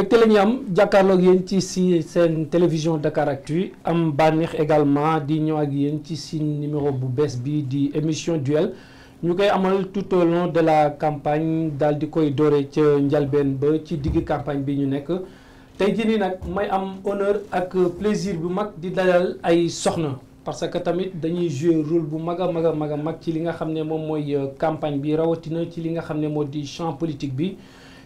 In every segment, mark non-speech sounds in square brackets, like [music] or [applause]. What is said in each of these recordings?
Je la ñuy ci télévision Dakaractu am également di numéro bu bi émission duel Nous amal tout au long de la campagne dal di koy ba campagne honneur ak plaisir bu mag di parce que tamit dañuy jouer rôle bu maga maga campagne bi champ politique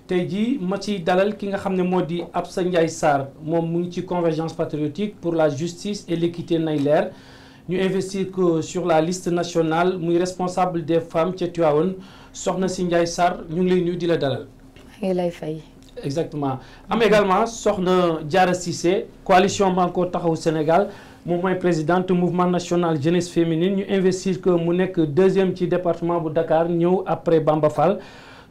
tey jii ma ciy dalal ki nga xam ne moo di Absa Ndiaye Sarr moom convergence patriotique pour la justice et l'équité naïler nous ñu investir que sur la liste nationale nous responsable des femmes qui Tivaouane sont si Sar, nous ñu ngi lay nuyu di la dalal. maa fay. exactement am également soxna Diarra Cissé coalition Manko au Sénégal mouvement président présidente mouvement national jeunesse féminine Nous investir que mu nekk deuxième petit département de Dakar nous, après Bambafal. Fall.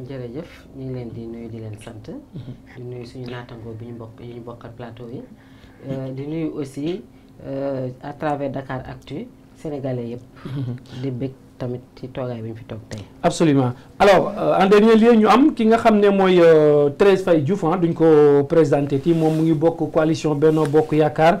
jërëjëf ñu ngi leen di nuyu di leen sant. Mhm. di nuyu suñu naatangoo bi ñu bokk yi ñu bokkal plateau yi. Euh, di nuyu aussi euh, à travers Dakar Actu sénégalais yëpp. Mhm. di bëgg tamit ci toogaay bi ñu fi toog tey. absolument alors euh, en dernier lieu ñu am ki nga xam ne mooy Thérèse Faye Diouf ah, duñ ko présenté ti moom mu ngi bokk coalition Benno Bokk Yaakaar.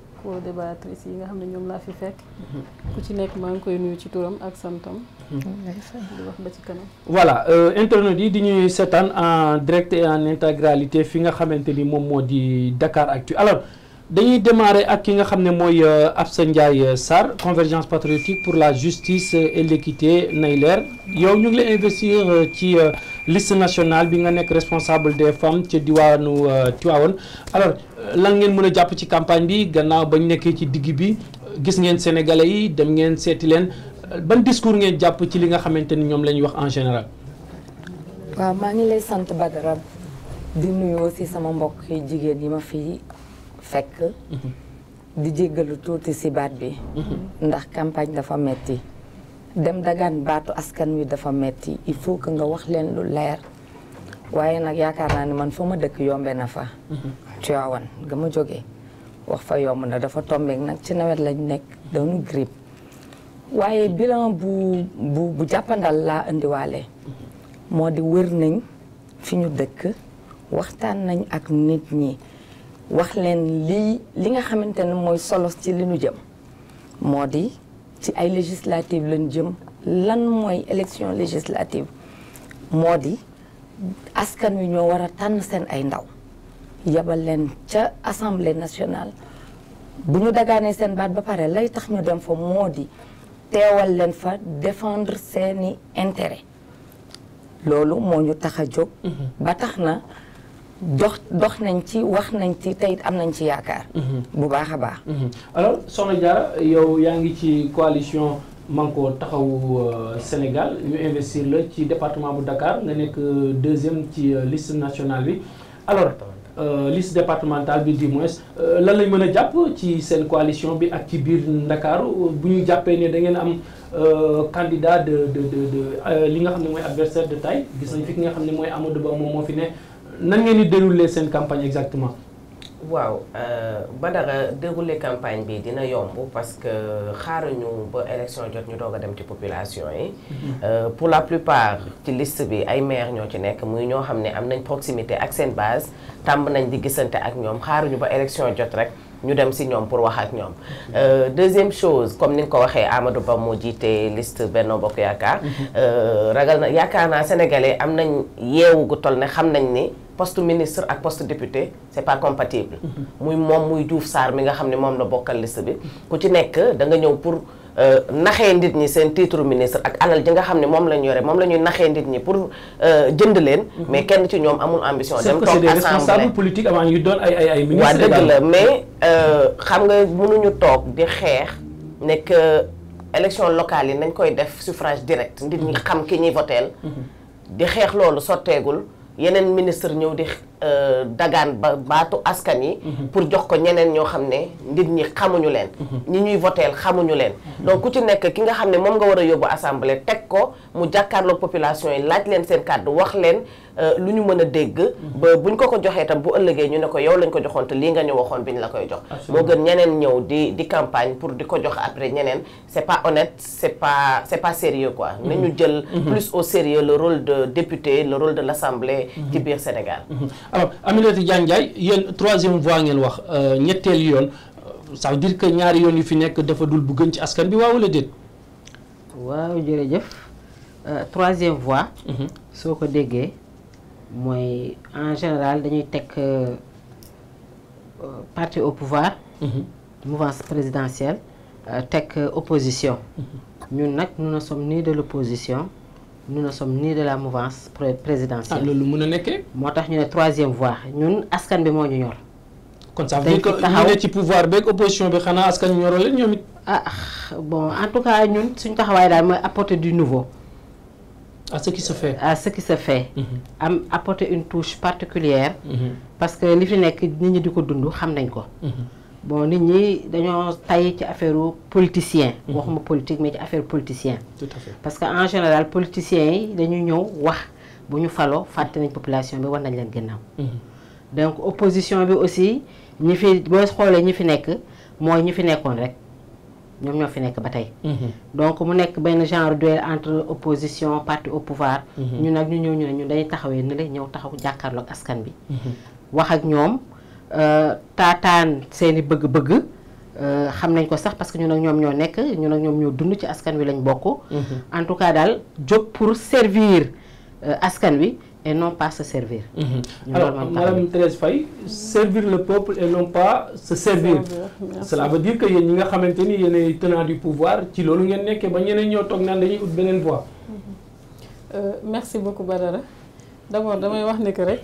co-débattrices yi nga xam ne ñoom laa fi fekk. Mhm. ku ci nekk maa ngi koy nuyu ci turam ak santam. Mhm. di wax ba ci kanam. voilà euh, internet yi di ñuy seetaan en direct et en intégralité fi nga xamante ni moom moo di Dakar Actu alors dañuy démarrer ak ki nga xam ne mooy euh, Absa Ndiaye Sar convergence patriotique pour la justice et l'équité nay leer yow ñu ngi lay investir euh, ci. liste nationale bi nga nekk responsable des femmes ci diwaanu euh, Tivaouane alors euh, lan ngeen mën a jàpp ci campagne bi gannaaw bañ nekkee ci digg bi gis ngeen sénégalais yi dem ngeen seeti leen euh, ban discours ngeen jàpp ci li nga xamante ni ñoom la wax en général. waaw maa ngi lay sant bagarab di nuyu aussi sama mbokk jigéen yi ma fi fekk. Mhm. di jéggalu tuuti si baat bi. Mhm. ndax campagne dafa metti dem dagan batu askan wi dafa metti il faut que nga wax len lu leer waye nak yaakaar ni man fuma dekk yombe na fa mhm. Tiwaawan ga ma jógee wax fa yom na dafa tombeek nak ci nawet lañ nek dañu grip waye bilan bu bu bu jappandal la andi walé mhm. di wër nañ fi ñu dëkk waxtaan nañ ak nit ñi wax len li li nga xamantene moy solo ci li ñu jëm modi ci ay législative lañ jëm lan mooy élection législative moo di askan wi ñoo war a tànn seen ay ndaw yabal leen ca assemblée nationale bu ñu dagaanee seen baat ba pare lay tax ñu dem fa moo di teewal leen fa défendre seeni intéret loolu moo ñu tax a jóg mm-hmm. ba tax na dox dox nañ ci wax nañ ci tey am nañ ci yaakaar. Mhm. bu baax a baax. Mhm. alors Soxna Diarra yow yaa ngi ci coalition Manko Taxawu euh, Sénégal ñu investir la ci département bu Dakar nga nekk euh, deuxième ci euh, liste nationale bi alors liste départementale bi du moins lan lañ mën a jàpp ci seen coalition bi ak ci biir Dakar bu ñu jàppee ne da ngeen am. candidat de de de de li nga xam ne mooy adversaire de taille gis nañ fi ki nga xam ne mooy Amadou Ba moom moo fi ne nan ngeen di dérouler seen campagne exactement. waaw euh, Badara dérouler campagne bi dina yomb parce que xaaruñu ba élection jot ñu doog a dem ci population yi. Mhm. Euh, pour la plupart ci liste bi ay maire ñoo ci nekk muy ñoo xam ne am nañ proximité ak seen base tàmb nañ di gisante ak ñoom xaaruñu ba élection jot rek. ñu dem si ñoom pour wax ak ñoom. Euh, deuxième chose comme ni nga ko waxee Amadou Ba moo jiite liste Benno Bokk Yaakaar. Euh, ragal na yaakaar naa sénégalais am nañ yeewu gu toll ne xam nañ ni. poste ministre ak poste député c'est pas compatible mm-hmm. muy moom muy Diouf saar mi nga xam ne moom na bokkal liste bi ku ci nekk da ñëw pour Euh, naxee nit ñi seen titre ministre ak alal ji nga xam ne moom la ñu yore moom la ñuy naxee nit ñi pour euh, jënd leen. Mhm. mais kenn ci ñoom amul ambition. dem toog assemblée c'est que c'est des dëgg la mais euh, xam nga mu mënuñu toog di xeex nekk élection locale yi nañ koy def suffrage direct. nit ñi mhm. xam ki ñuy voteel. Mhm. di xeex loolu sotteegul. yeneen ministre ñëw di euh, dagaan ba baatu askan yi mhm. pour jox ko ñeneen ñoo xam ne nit ñi xamuñu leen mhm. ñi ñuy voteel xamuñu leen mhm. donc ku ci nekk ki nga xam ne moom nga war a yóbbu assemblée teg ko mu jàkkaarloog population yi laaj leen seen kàddu wax leen Euh, lu ñu mëna dégg ba buñ ko ko joxé tam bu ëllëgé ñu ne yow lañ ko joxon té li nga ñu waxon biñ la koy jox mo gën ñenen ñëw di di campagne pour di ko jox après ñenen c'est pas honnête c'est pas c'est pas sérieux quoi mm-hmm. nañu jël mm-hmm. plus au sérieux le rôle de député le rôle de l'assemblée mm-hmm. ci biir Sénégal alors Aminata Diagne Ndiaye yéen troisième voix ngeen wax euh, ñettel yoon ça veut dire que ñaari yoon yu fi nekk dafa dul bu gën ci askan bi waaw wala déet waaw jërëjëf euh, troisième voix soo ko déggee moy en général dañuy teg euh, parti au pouvoir mhm. mouvance présidentielle euh, tek euh, opposition mhm. ñun nak nous ne sommes ni de l'opposition nous ne sommes ni de la mouvance présidentielle ah, lolu mën a motax ñu né troisième voie ñun askan bi mo ñu ñor kon ça veut dire que ñu ci pouvoir beeg opposition bi xana askan ah bon en tout cas ñun suñu taxaway daal moy apporter du nouveau à ce qui se fait à ce qui se fait. Mhm. am apporter une touche particulière mhm. parce que li fi nek nit ñi di ko dund xam nañ ko. Mhm. bon nit ñi dañoo tay ci affaire politicien. waxuma politique mais ci affaire politicien. tout à fait parce que en général politiciens yi dañu ñëw wax bu ñu falo fàtte nañ population bi war nañ leen gënnaaw donc opposition bi aussi ñi fi boo xoolee ñi fi nekk mooy ñi fi nekkoon rek ñoom ñoo fi nekk ba tey. Mhm. donc mu nek ben genre duel entre opposition parti au pouvoir. Mhm. ñu nag ñu ñëw ñu ne ñun dañuy taxawee ne la ñëw taxaw jàkkaarloog askan bi. Mhm. wax ak ñoom euh seen i bëgg-bëgg. euh xam nañ ko sax parce que ñun ak ñoom ñoo nek ñun ak ñoom ñoo dund ci askan wi lañ bokku en tout cas dal jóg pour servir euh, askan wi et non pas se servir. Mhm. Alors, Madame Thérèse Faye, servir le peuple et non pas se servir. Cela veut dire que yéen ñi nga xamante ni yéen tenants du pouvoir ci loolu ngeen nekkee ba ñeneen ñoo toog naan dañuy ut beneen voie. Mhm. Euh, merci beaucoup Badara d'abord damay wax ne que rek.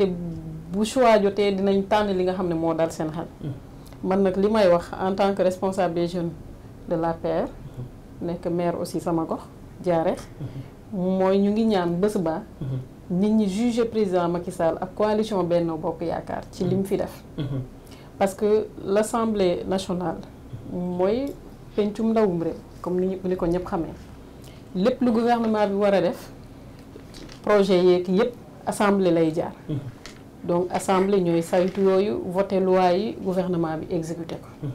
té bu choix jotee dinañ tan li nga xamné mo dal sen xel. Hmm. man nak limay wax en tant que responsable des jeunes de paix hmm. nek maire aussi sama gox diaré hmm. moy ñu ngi ñaan bëss ba nit ñi juger président Macky Sall ak coalition Benno Bokk Yaakaar ci lim fi def parce que l'Assemblée nationale moy pencum ndawum réew comme ni ni ko ñep xamé lepp lu gouvernement bi wara def projet yeeg yëpp assemblée lay jaar donc assemblée ñoy saytu yoyu voter loi yi gouvernement bi exécuté ko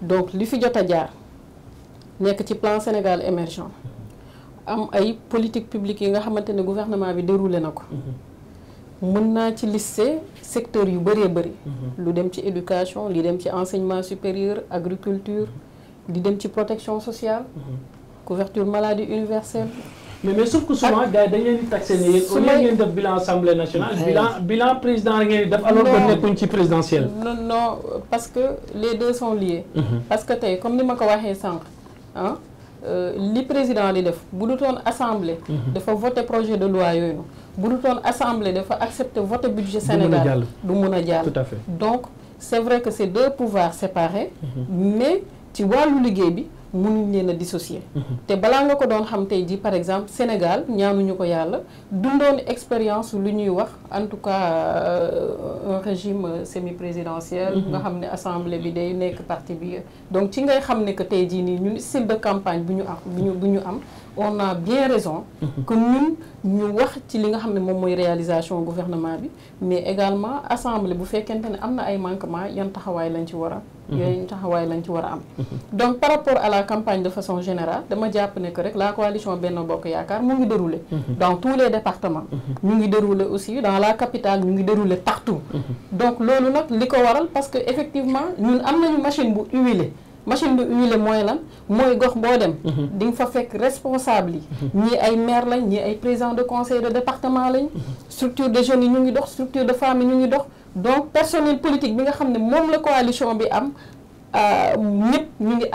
donc li fi jotta a jaar ci plan Sénégal émergent am ay politique publique yi nga xamantene le gouvernement bi déroulé nako mën na ci lister secteur yu bëree bëri lu dem ci éducation li dem ci enseignement supérieur agriculture di dem ci protection sociale couverture maladie universelle mais mais sauf que souvent ah. gars yi dañ taxé ne yéen au lieu ngeen bilan assemblée nationale. bilan bilan présidentiel, la ngeen di def. alors que nekkuñ ci non non parce que les deux sont liés. Mhm. parce que comme ni ma dit, les présidents, ah euh, li président di def bu du toon assemblée. Mhm. voter projet de loi yooyu. bu du toon assemblée dafa accepter voter budget Sénégal du tout à fait donc c'est vrai que ces deux pouvoirs séparés. Mhm. mais tu vois liggéey bi mënuñ leen a dissocier. Mhm. te balaa nga ko doon xam tey jii par exemple Sénégal ñaanuñu ko yàlla dundoon expérience lu ñuy wax en tout cas euh, un régime euh, semi présidentiel. Mhm. nga xam ne assemblée bi day nekk parti bi. donc ci ngay xam ne que tey jii nii ñun style de campagne bu ñu am bu ñu bu ñu am on a bien raison. Mhm. que ñun ñu wax ci li nga xam ne moom mooy réalisation gouvernement bi mais également assemblée bu fekkente ne am na ay manquements yan taxawaay lañ ci war a Mhm. donc par rapport à la campagne de façon générale de pense que la coalition Benno Bokk déroulé mhm. dans tous les départements nous mhm. ngi déroulé aussi dans la capitale nous ngi déroulé partout donc là nous avons parce qu'effectivement, nous avons une machine pour huilée machine de huile mooy gox responsable maire de conseil de département lañ. Mhm. structure de jeunes yi structure de femmes donc personnel politique bi nga la coalition bi euh, mhm.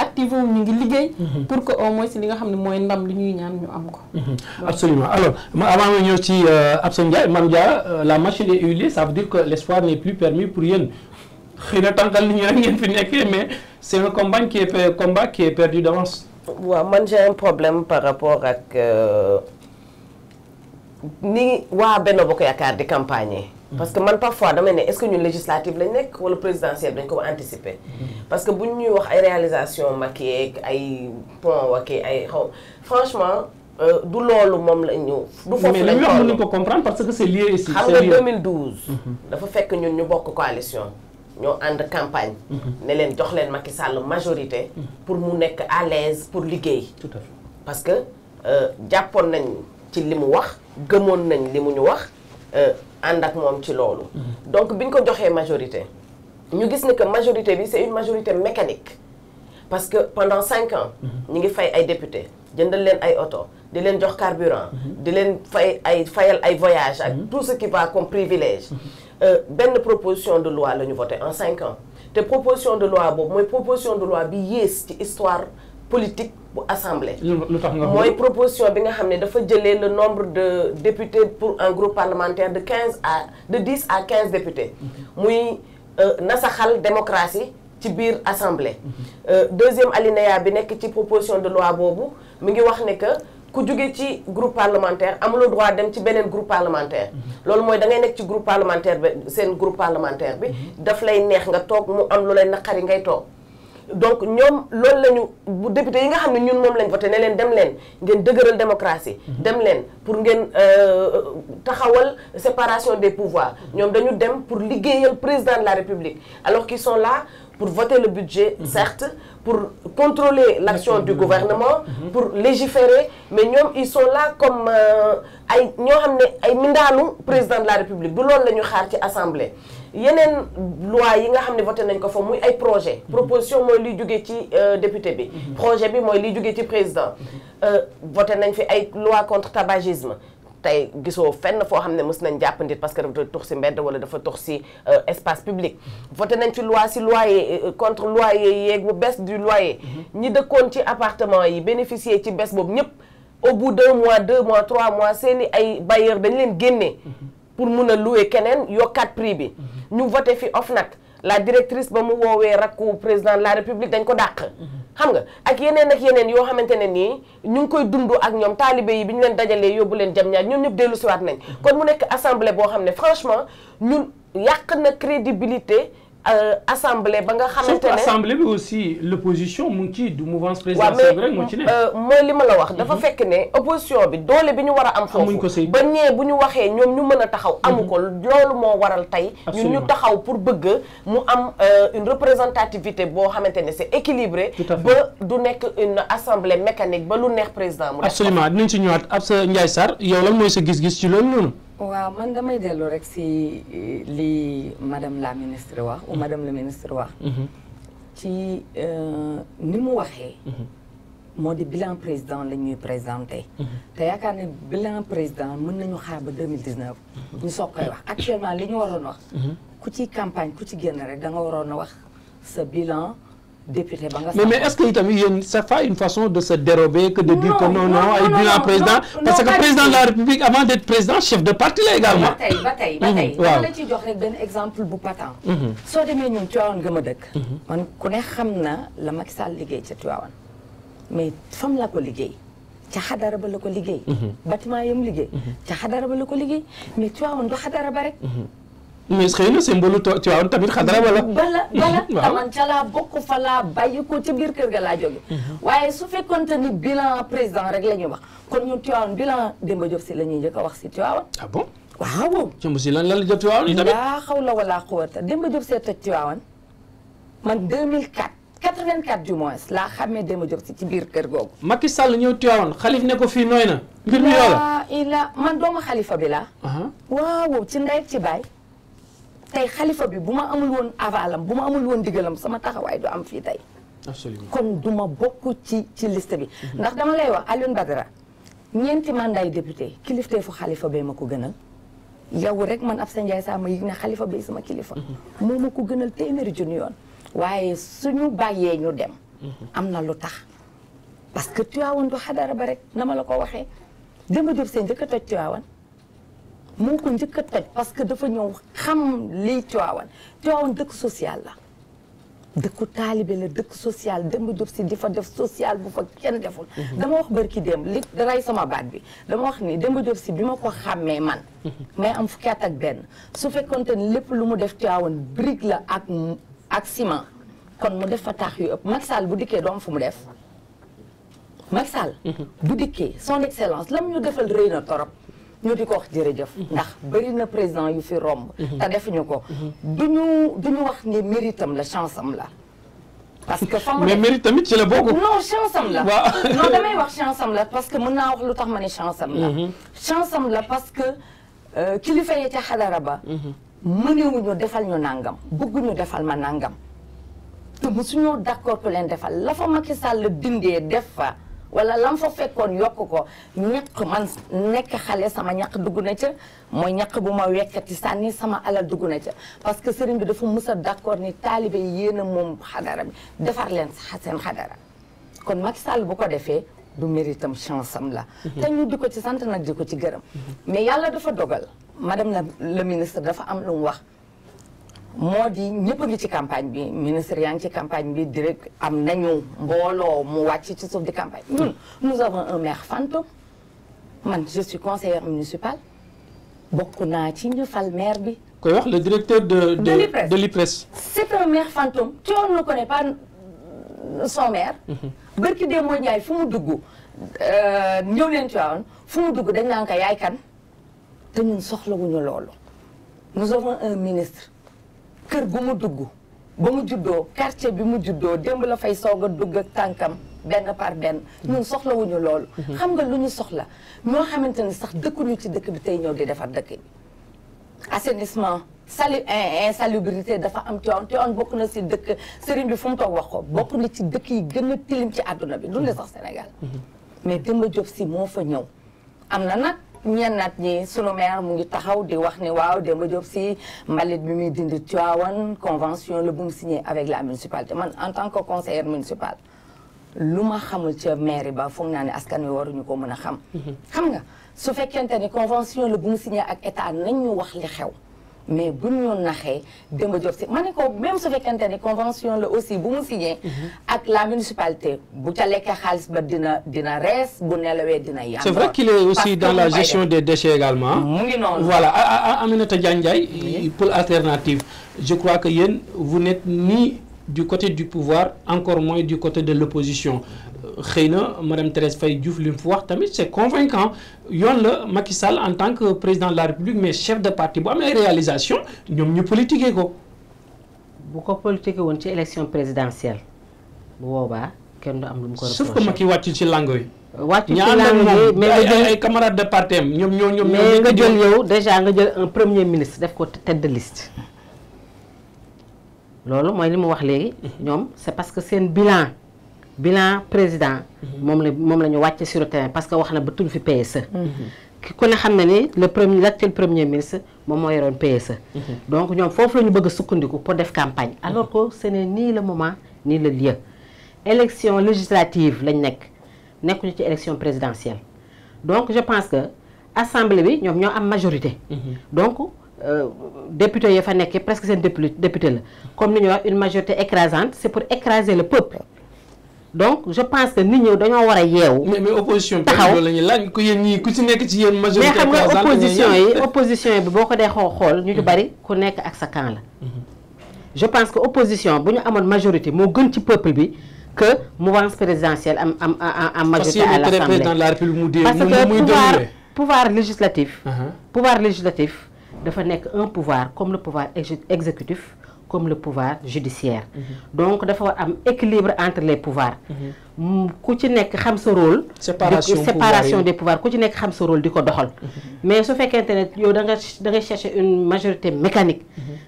pour que au moins nga ndam absolument alors avant de ñëw euh, euh, la machine est ça veut dire que l'espoir n'est plus permis pour rien xëy na tànqal nit ñi rek ngeen fi nekké mais c'est un combat qui est combat qui est perdu d'avance. Wa man j'ai un problème par rapport ak euh, ni wa Benno Bokk yakar di campagne parce que man parfois dama né est-ce que ñu législative lañ nekk wala présidentielle dañ ko anticiper. parce que buñ ñuy wax ay réalisation Macky ak ay pont ak ay xaw franchement euh, du lolu mom la ñu. du foofu lañ wax mais ko comprendre parce que c'est lié ici. xam nga 2012. Mhm. dafa fekk ñun ñu bokk coalition ñoo ànd campagne. Mhm. ne leen jox leen Macky Sall majorité. Mhm. pour mu nekk à l'aise pour liggéey. tout à fait parce que euh, jàppoon nañ ci li mu wax gëmoon nañ li mu ñu wax euh, ànd ak moom ci loolu. Mhm. donc bi ñu ko joxee majorité. ñu gis ne que majorité bi c'est une majorité mécanique parce que pendant 5 ans. ñu ngi fay ay député jëndal leen ay oto di leen jox carburant. di leen fay ay fayal ay voyage ak tout ce qui va comme privilège une euh, proposition de loi le voté en 5 ans des proposition de loi boobu proposition de loi bi est histoire politique pour assemblée. mooy proposition bi nga de dafa le nombre de députés pour un groupe parlementaire de 15 à de 10 à 15 députés. Mhm. muy euh, démocratie démocratie tibir biir assemblée. Mhm. Euh, deuxième alinéa bi proposition de loi à mi ngi ku jóge ci groupe parlementaire amuloo droit dem ci benen groupe parlementaire. lolou moy da ngay nek ci groupe parlementaire bi sen groupe parlementaire bi. Mhm. daf lay neex nga tok mu am lu nakari ngay tok donc ñom lolou lañu bu député yi nga xamné ñun mom lañ voté ne leen dem leen ngeen dëgeural démocratie. Mhm. dem leen pour ngeen euh, taxawal séparation des pouvoirs. ñom dañu dem pour liggéeyal président de la république alors qu'ils sont là pour voter le budget. Mhm. certes pour contrôler l'action du gouvernement pour légiférer mais ils sont là comme euh, ay ñoo là comme président de la république du loolu comme assemblée. Il y a une loi qui nga été votée. voté nañ ko fa muy projet mhm. proposition de liy jógee ci euh, député mhm. projet bi mooy liy jógee ci président mhm. euh, voté nañ fi ay loi contre tabagisme tey gisoo fenn fo xamné des nañ des parce que mbedd wala dafa euh, espace public voté nañ ci loi si loyer euh, contre loyer bu baisse du loyer mhm. ñi de ci appartement yi bénéficier ci baisse au bout d'un mois deux mois trois mois ay dañ leen mhm. pour louer prix bi mhm. ñu voté fi la directrice ba mu woowee rakku président de la république dañ ko dàq. xam nga ak yeneen ak yeneen yoo xamante ne nii ñu ngi koy dund ak ñoom taalibe yi bi ñu leen dajalee yóbbu leen jam ñaar ñoom ñëpp dellu siwaat nañ. kon mu nekk assemblée boo xam ne franchement ñun yàq na crédibilité. Euh, assemblée ba nga xamante ne assemblée bi aussi l'opposition opposition du mouvement présidentiel, rek moo ci ne euh, mooy li ma la wax dafa mhm. fekk ne opposition bi doole bi ñu war a am foofu ba ñee bu ñu waxee ñoom ñu mën taxaw mhm. amu ko loolu moo waral tey ñun ñu taxaw pour bëgg mu am euh, une représentativité boo xamante c'est équilibré ba du nekk une assemblée mécanique ba lu neex président absolument dinañ si ñëwaat Absa Ndiaye Sarr yow lan mooy sa gis-gis ci loolu noonu waaw man damay dellu rek si eh, li madame la ministre wax ou mm-hmm. madame le ministre wax mm-hmm. ci euh, ni mu waxee mm-hmm. moo di bilan président la ñuy présenté te yaakaar ne bilan président mën nañu xaar ba 2019 ñu soog koy wax actuellement li ñu waroon wax ku ci campagne ku ci génn rek da nga waroon a wax sa bilan mais mais est ce que y a une ça fait une façon de se dérober que de dire que non non ay bilan président parce que président de la république avant d'être président chef de parti là également. ba tey ba tey ba mhm, tey. waaw la ciy jox rek benn exemple bu patent. Mhm. soo demee ñun Tivaouane gëm a dëkk. Mhm. man ku ne xam na la Macky Sall liggéey ca Tivaouane mais fam la ko liggéey. ca xadara ba la ko liggéey. bâtiment yam liggéey. ca xadara ba la ko liggéey mais Tivaouane du xadara ba rek. mais xëy na seen mboolu Tiwaawan tamit xadara wala. bala bala [laughs] taman ca ko ci biir kër ga laa mhm. waaye su fekkonte ni bilan président rek la ñuy wax kon ñun Tiwaawan bilan Demba Diop si la ñuy njëkk wax si Tiwaawan. ah bon waaw. jëmb si lan lan la jot Tiwaawan yi tamit. laa xaw la wala xuwata Demba Diop see toj Tiwaawan man 2004. 84 du moins laa xamee Demba Diop si ci biir kër googu. Macky Sall ñëw Tiwaawan xalif ne ko fii nooy na. mbir mi yoo la man doomu xalifa bilaa laa. waaw ci ndey ci baay. tey xalifa bi bu ma amul woon avalam bu ma amul woon digalam sama taxawaay du am fii tey. absolument kon du ma bokk ci ci liste bi. Mhm. ndax dama lay wax Alioune Badara ñeenti mandat député fu xalifa bee ma ko gënal. yow rek man ab sa njaay saa ma yëg ne xalifa bi sama kilifa. Mhm. moo ma ko gënal téeméeri junni yoon. waaye suñu bàyyee ñu dem. Mhm. am na lu tax. parce que Tiwaawan du xadara ba na ma la ko waxee. Demba Diop seen njëkk moo ko njëkk a toj parce que dafa ñëw xam lii Tiwaawan Tiwaawan dëkk social la dëkku taalibe la dëkk social Demba Diop Sy di fa def social bu fa kenn deful mhm. dama wax barki dem li ray sama baat bi dama wax ni Demba Diop bi ma ko xàmmee man mhm. may am fukki at ak benn su fekkonte ne lépp lu mu def Tiwaawan brique la ak ak ciment kon mu def fa taax yu ëpp Macky bu dikkee doom fu mu def Macky mhm. bu dikkee son excellence la mu ñu defal rëy na torop ñu di ko wax jërëjëf mhm. ndax bëri na président yu fi romb mhm. te defuñu ko mhm. duñu duñu wax ni méritam la chance am la parce que fa mais mérite tamit ci la bokk non chance am la [laughs] non damay wax chance am la parce que mën naa wax lu tax ma chance am la chance am la parce que euh, kilifa yi ca xadara ba mënewuñu defal ñu nàngam bëgguñu defal ma nàngam te mosuñoo d'accord pour leen defal la fa Macky Sall dindee def fa wala lam fa fekkoon yokk ko ñaq man nekk xale sama ñaq dugg na ca mooy ñaq bu ma wekkati sànni sama alal dugg na ca parce que sëriñ bi dafa mës a d'accord ni taalibe yéen a moom xadara bi defar leen seen xadara kon Macky Sall bu ko defee du méritam chance am la mhm. te ñu di ko ci sant nag di ko ci gërëm mhm. mais yàlla dafa dogal madame la ministre dafa am lu wax modi ñepp ngi ci campagne bi ministre yaa ngi ci campagne bi direct am nañu mbooloo mu wacc ci suuf di campagne ñun nous avons un maire fantôme man je suis conseillère municipale bokk naa ci ñu fal maire bi koy wax le directeur de de l'IPRES c'est un maire fantôme tu on ne connaît pas son maire mhm. barki dee moo Ndiaye fu mu dugg euh, ñew leen Tivaouane fu mu dugg dañ naan ka yaay kan te ñun wuñu lolu nous avons un ministre kër gu mu dugg ba mu juddoo quartier bi mu juddoo démb la fay soog a dugg ak tànkam benn par benn ñun soxlawuñu loolu xam nga lu ñu soxla ñoo xamante ni sax dëkkuñu ci dëkk bi tey ñëw di defar dëkk bi assainissement sali insalubrité dafa am Tivaouane Tivaouane bokk na si dëkk sëriñ bi fu mu toog wax ko bokk na ci dëkk yi gënna tilim ci àdduna bi du ne sax Sénégal mm-hmm. mais Demba Diop si moo fa ñëw am na nag ñennat ñi sunu mère mu ngi taxaw di wax ni waaw Demba Diop si mbalit bi muy dindi tuawan convention le bum signé avec la municipalité man en tant que conseillère municipale luma ma xamul ca mairie ba fu naa ne askan wi waruñu ko mëna xam mhm. xam nga su fekkente ni convention le bum signé ak état nañ ñu wax li xew mais bu ñu naxee Demba Diop si Maniko, même su fekkente ni convention la aussi bu mu signé. Mhm. ak la municipalité bu ca lekkee xaalis ba dina dina res bu nelawee dina yàq. c'est vrai qu'il est aussi dans la gestion des déchets également. mu ngi voilà Aminata Diagne Ndiaye pour alternative je crois que yéen vous n'êtes ni du côté du pouvoir encore moins du côté de l'opposition xëy madame Thérèse Faye Diouf li mu wax tamit c' convaincant yoon la Macky Sall en tant que président de la République mais chef de parti bu am ay réalisation ñoom ñu politiqué ko. bu ko politiqué woon ci élection présidentielle bu boobaa kenn du am lu mu ko reproché. sauf que Macky wàccu ci lango yi. wàccu ci lango yi mais nga camarades de parti am ñoom ñoo ñoom. mais nga jël yow déjà nga jël un premier ministre def ko tête de liste. loolu mooy li mu wax léegi ñoom c' parce que seen bilan bilan président mom mhm. la sur le terrain parce que waxna ba tuñ fi PSE mhm. ki le premier l'actuel premier ministre mom mo yoron PSE mhm. donc ñom fofu la bëgg sukkandiku pour def campagne alors que ce n'est ni le moment ni le lieu élection législative lañ une élection présidentielle donc je pense que assemblée bi ñom une majorité donc euh, député députés fa presque sen député comme nous avons une majorité écrasante c'est pour écraser le peuple donc je pense que nous, ñi dañoo mais l'opposition, opposition taxaw la ñuy mais xam nga opposition opposition yi boo ko sa mhm. je pense que l'opposition, bu a une majorité moo gën ci peuple que mouvance présidentielle am majorité à l'Assemblée parce que le la pouvoir pouvoir législatif. Uh-huh. pouvoir législatif dafa nekk un pouvoir comme le pouvoir exécutif comme le pouvoir judiciaire. Mhm. donc il faut un équilibre entre les pouvoirs. Mhm. Mm, ku ci nekk xam rôle. séparation séparation des pouvoirs ku ci nekk xam rôle doxal. Mhm. mais su fait ne yow da nga da nga chercher une majorité mécanique.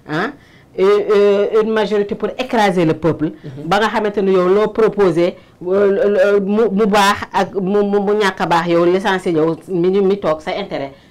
Hein, euh, une majorité pour écraser le peuple. ba nga xamante ne yow loo proposé euh, euh, mu mu ak mu yow l'essentiel yow mi sa intérêt.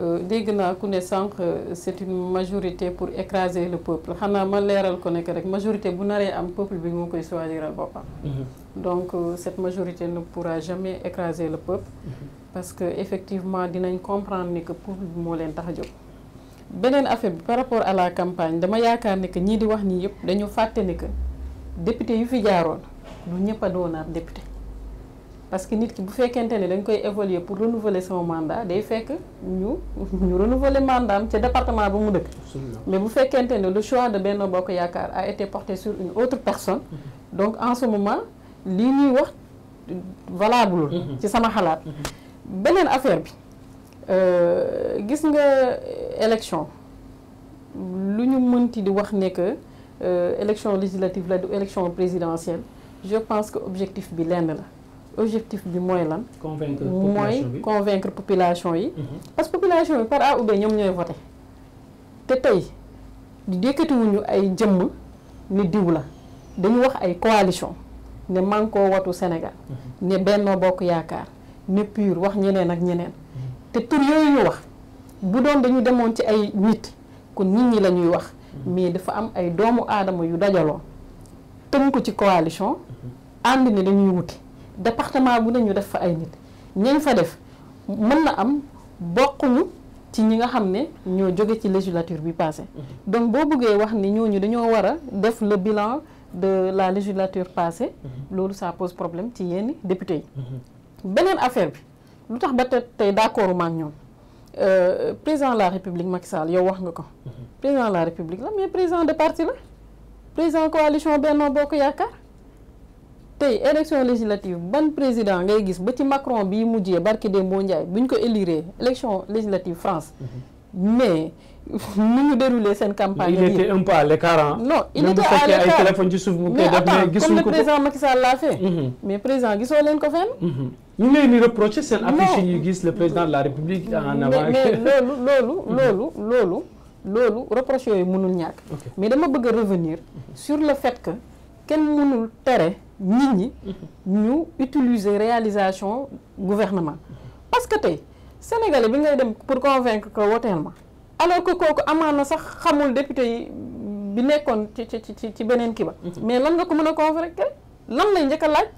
Euh, dégg naa ku euh, c'est une majorité pour écraser le peuple Je ma que ko nekk rek majorité bu naree am peuple bi moo koy choisiral mhm. donc euh, cette majorité ne pourra jamais écraser le peuple mhm. parce que effectivement dinañ comprendre ni que peuple est le leen Benen affaire par rapport à la campagne dama yakar ne que ñii di wax nii yépp dañu fàtte ni que député yu fi jaaroon lu ñëpp député parce que nit ki bu fekkente ne dañ koy évoluer pour renouveler son mandat day fekk ñu ñu renouveler mandat. le département bu mu dëkk mais bu fekkente ne le choix de Benno Bokk a été porté sur une autre personne donc en ce moment lii ñuy wax valable mhm. ci sama xalaat mhm. beneen affaire bi euh, gis nga élection lu ñu mënti di wax ne que euh, élection législative la du élection présidentielle je pense que l'objectif est lenn la objectif bi mooy lan. convaincre population convaincre population yi. Mhm. parce que population bi par A ou B voter té tay di dékati wuñu ay jëm ni diw la dañu wax ay coalition ne manko watu Sénégal. Mhm. ne Benno Bokk yaakar ne PUR wax ñeneen ak ñeneen. té mhm. tour yooyu ñu wax bu doon dañu démon ci ay nit ko nit ñi la wax. mais dafa am ay doomu aadama yu dajaloo tënku ci coalition. and ne dañuy wuti département bu ne ñu def fa ay nit ñañ fa def mën na am bokku bokkuñu ci ñi nga xam ne ñoo jóge ci législature bi passé mhm. donc boo bëggee wax ni ñooñu dañoo war a def le bilan de la législature passée mhm. loolu ça pose problème ci yenn député yi mhm. beneen affaire bi lu tax ba te tey d'accord ma ak ñoom euh, président de la république Macky Sall yow wax nga ko président de la république la mais président de parti la président coalition Benno Bokk Yaakaar tey élection législative ban président ngay gis ba ci Macron bi mujjee barki Dembo Ndiaye bu ñu ko éliré élection législative France mhm. mais nous [laughs] ñu déroulé seen campagne il était un peu à l'écart hein. non il était à l'écart ay téléphone ci suuf mu koy mais ko comme le président Macky l'a fait mhm. mais président gisoo leen ko fenn mhm. ñu ngi leen di reprocher seen affiche ñu gis le président de la République en avant mais [laughs] loolu loolu loolu loolu loolu reproche yooyu mënul ñàkk mais dama bëgg revenir sur le fait que kenn mënul tere nit ñi ñu utiliser réalisation gouvernement parce que tey sénégalais bi ngay dem pour convaincre que woteel alors que kooku amaan na sax xamul député bi nekkoon ci ci ci ci beneen mhm. mais lan nga ko mën a convaincre lan lay njëkk a laaj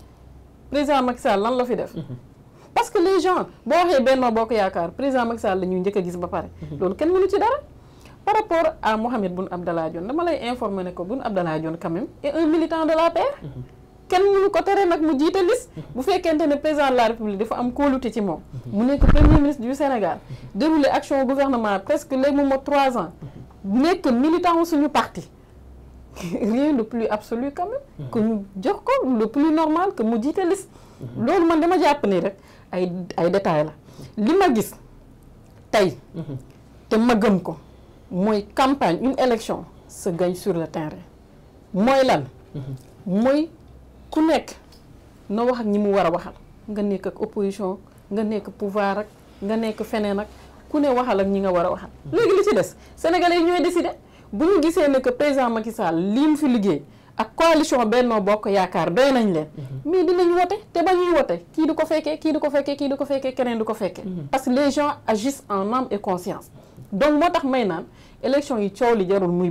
président Macky Sall lan la fi def mhm. parce que les gens boo waxee Benno Bokk Yaakaar président Macky Sall la ñuy njëkk a gis ba pare mhm. loolu kenn mënu ci dara par rapport à Mohamed Boun Abdallah Dionne dama lay informer ne ko Boun Abdallah Dionne quand même est un militant de la paix kenn mënu ko tere nag mu liste bu fekkente ne président de la république dafa am kóolute ci mom mu nekk premier ministre du Sénégal déroulé action gouvernement presque léegi mu mot trois ans nekk militant suñu parti rien de plus absolu quand même que ñu jox ko le plus normal que mu jiite liste loolu man dama japp ni rek ay ay détails la lima ma gis tay te ma ko moy campagne une élection se gagne sur le terrain moy lan mhm. moi ku wax ak ñi mu waxal nga ak opposition nga pouvoir ak nga feneen ak ku waxal ak ñi nga waxal. li ci sénégalais yi ñooy bu ñu gisee président Macky Sall fi ak coalition Bokk nañ mhm. mais dinañ wote te ba ñuy wote kii du ko parce que les gens agissent en âme et conscience. donc moo may naan élection yi coow li jarul muy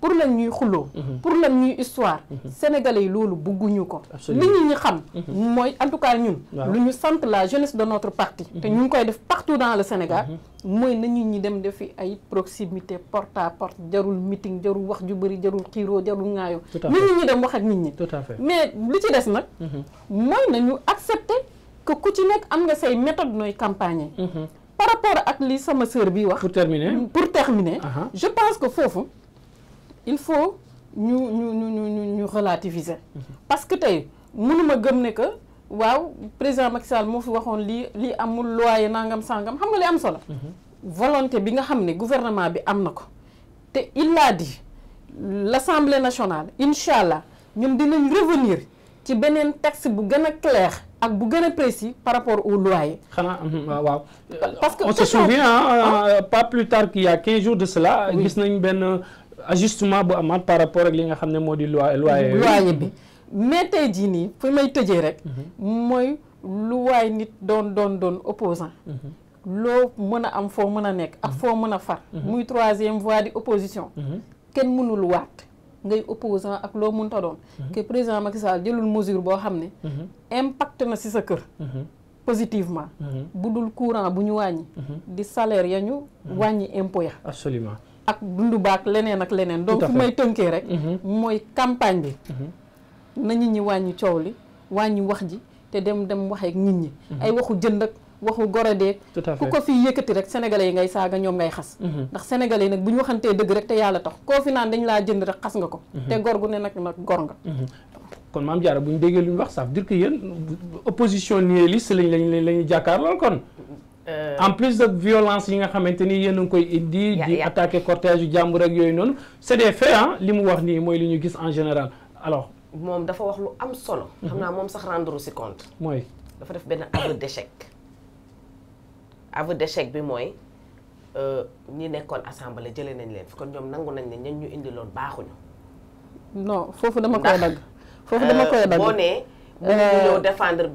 pour lan ñuy xuloo mhm. pour la ñuy histoire mhm. sénégalais lolu loolu bugguñu ko li ñu ñu xam moy mhm. en tout cas ñun lu ñu sant la jeunesse de notre parti té ñu ngi koy def partout dans le Sénégal mooy nañu ñi dem defi ay proximité porte à porte jarul meeting jarul wax ju bëri jarul xiro jarul ngaayo nit ñi ñu dem wax ak nit ñi mais lu ci des nag mooy nañu accepter que ku ci nek am nga say méthode noy campagne par rapport ak li sama sœur bi wax pour terminer pour terminer je pense que fofu il faut nous ñu ñu ñu ñu relativiser. parce que tu sais, je ne que waaw président Macky Sall moo fi a lii lii amul loyer nangam sangam xam nga li am solo. volonté bi nga xam gouvernement bi am na ko il l'a dit l'Assemblée nationale Inch'Allah, allah ñun dinañ revenir ci un texte bu clair ak bu précis par rapport au loyer. Hum, hum, on se souvient hein, ah. euh, pas plus tard qu'il y a 15 jours de cela. gis nañ ben ajustement par rapport à ce que xamné modi loi loi mais tay di ni may rek moy mhm. nit don opposant mhm. lo meuna am a ak mhm. troisième voie di opposition ken mënul wat ngay opposant ak mën que président Macky Sall jëlul mesure bo impact sa positivement budul courant buñu ñu di salaire yañu impôt absolument ak dundu baak leneen ak leneen donc fu may tënkee rek mhm. mooy campagne bi mhm. na nit ñi wàññi coow li wàññi wax ji te dem dem waxeek nit ñi mhm. ay waxu jënd ak waxu de ku ko fii yëkkati rek sénégalais yi ngay saaga ñoom ngay xas ndax sénégalais yi nag bu ñu waxantee dëgg rek te yàlla tax koo fi naan dañ laa jënd rek xas nga ko te gor gu ne nag nag gor nga kon maam Diarra bu ñu déggee lu ñu wax ça veut dire que opposition nihiliste lañ lañu jàkkaar lool kon Euh, en plus de violence yi nga xamante ni yéen a ngi koy indi. di attaquer cortège yu jàmbur ak yooyu noonu. c'est des faits ah li mu wax nii mooy li ñu gis en général alors. moom dafa wax lu am solo. xam naa moom sax rendre si conte mooy dafa def benn aveu d'échec. aveu d'échec bi mooy euh, ñi nekkoon assemblée jëlee nañ leen fi kon ñoom nangu nañ ne ñan ñu indi loon baaxuñu. non foofu dama koy dagg. foofu dama koy euh, dagg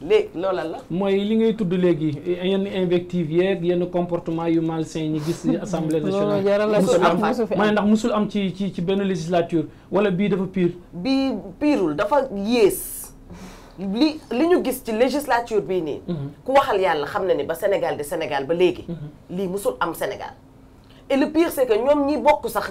C'est il la. li ngay tudd y a comportement yu malsain ñi [laughs] assemblée nationale. ndax musul am ci ci est législature wala pire. dafa c'est législature que mhm. ku waxal Sénégal de Sénégal ba mhm. Sénégal. et le pire c'est que nous ñi bokk sax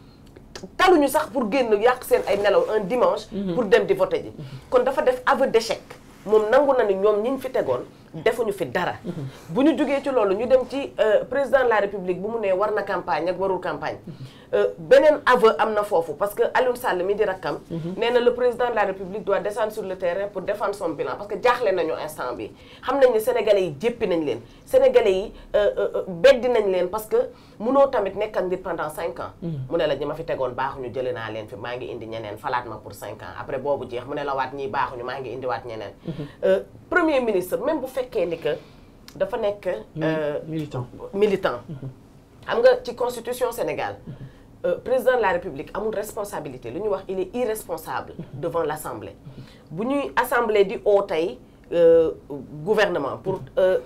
taluñu sax pour génn yàq seen ay nelaw un dimanche. Mhm. pour dem di voter ji. Mhm. kon dafa def aveu d'échec moom nangu na ni ñoom ñiñ fi tegoon defuñu fi dara. Mhm. bu ñu jugee ci loolu ñu dem ci euh, président la république bu mu nee war na campagne ak warul campagne. Euh, benen aveu amna fofu parce que Aliou Sall mi di rakam mhm. nee le président de la République doit descendre sur le terrain pour défendre son bilan parce que jaxlé nañu instant bi xam nañ sénégalais yi jéppi nañ leen sénégalais yi euh, euh, beddi nañ leen parce que munoo tamit nekk ak nit pendant cinq ans mhm. mune la ma fi tegoon baaxuñu jëlee naa leen fi ma ngi indi ñeneen falat ma pour cinq ans après bobu jeex mune la wat ñi ñiy ñu ma ngi indi waat ñeneen mhm. premier ministre même bu fekkee ni que dafa euh militant militant xam nga ci constitution Sénégal euh, président de la république a une responsabilité Le il est irresponsable devant l'Assemblée. Si assemblée du euh, haut gouvernement pour euh,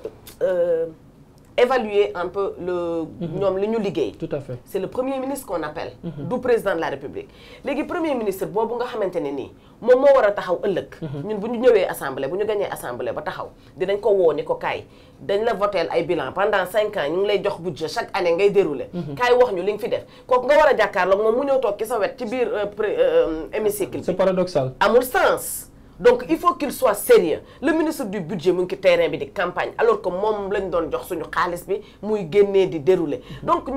évaluer un peu le mhm. ñoom li ñu liggéey. tout à fait c'est le premier ministre qu'on appelle. Mhm. du président de la république. léegi premier ministre bobu nga xamante ni mom mo wara taxaw ëllëg. Mhm. ñun buñu ñëwé assemblée buñu gagné assemblée ba taxaw dinañ ko wo ni ko kay dañ la voter ay bilan pendant cinq ans ñu ngi lay jox budget chaque année ngay dérouler. kay wax ñu liñ fi def ko nga wara a jàkkaarloog mom mu ñëw tok ci sa ci bir euh, euh, hémicycle c'est paradoxal amul sens donc il faut qu'il soit sérieux le ministre du budget il est terrain campagne alors que moom lañ doon jox suñu xaalis bi muy génnee di dérouler donc nous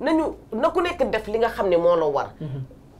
nous, na connaissons nekk def li nga xam mhm.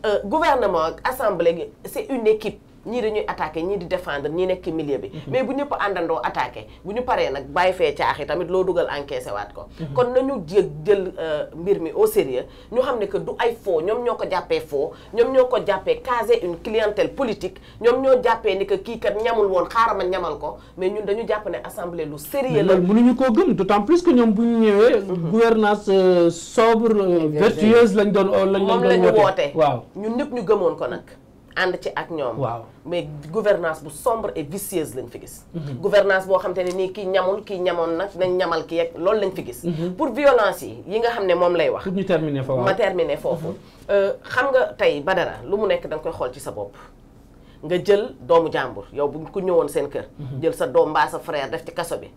euh, gouvernement ak assemblée c'est une équipe ñii dañuy attaqué ñii di défendre ñii nekk milieu bi mais bu ñëpp àndandoo attaqué bu ñu paree nag bàyyi fee caaxi tamit loo dugal encaissé waat ko kon nañu jël jël euh, mbir mi au sérieux ñu xam ne que du ay faux ñoom ñoo ko jàppee foo ñoom ñoo ko jàppee caser une clientèle politique ñoom ñoo jàppee ni que kii kat ñamul woon xaaral ma ñamal ko mais ñun dañu jàpp ne assemblée lu sérieux la ñu koo gëm d'autant plus que ñoom bu ñu ñëwee mm-hmm. gouvernance euh, sobre euh, vertueuse lañ doon lañ doon woote waaw ñun ñëpp ñu gëmoon ko nag ànd ci ak ñoom waaw mais gouvernance bu sombre et vicieuse lañ fi gis mhm. gouvernance boo xam ne nii kii ñamul kii ñamoon nag nañ ñamal ki yegg loolu lañ fi gis mhm. pour violence yi yi nga xam ne moom lay wax ñu terminer foofu ma terminer foofu mhm. euh, xam nga tey ba Badara lu mu nekk da nga koy xool ci sa bopp nga jël doomu jàmbur yow buñ ko ñëwoon seen kër jël sa doom mbaa sa frère def ci kaso bi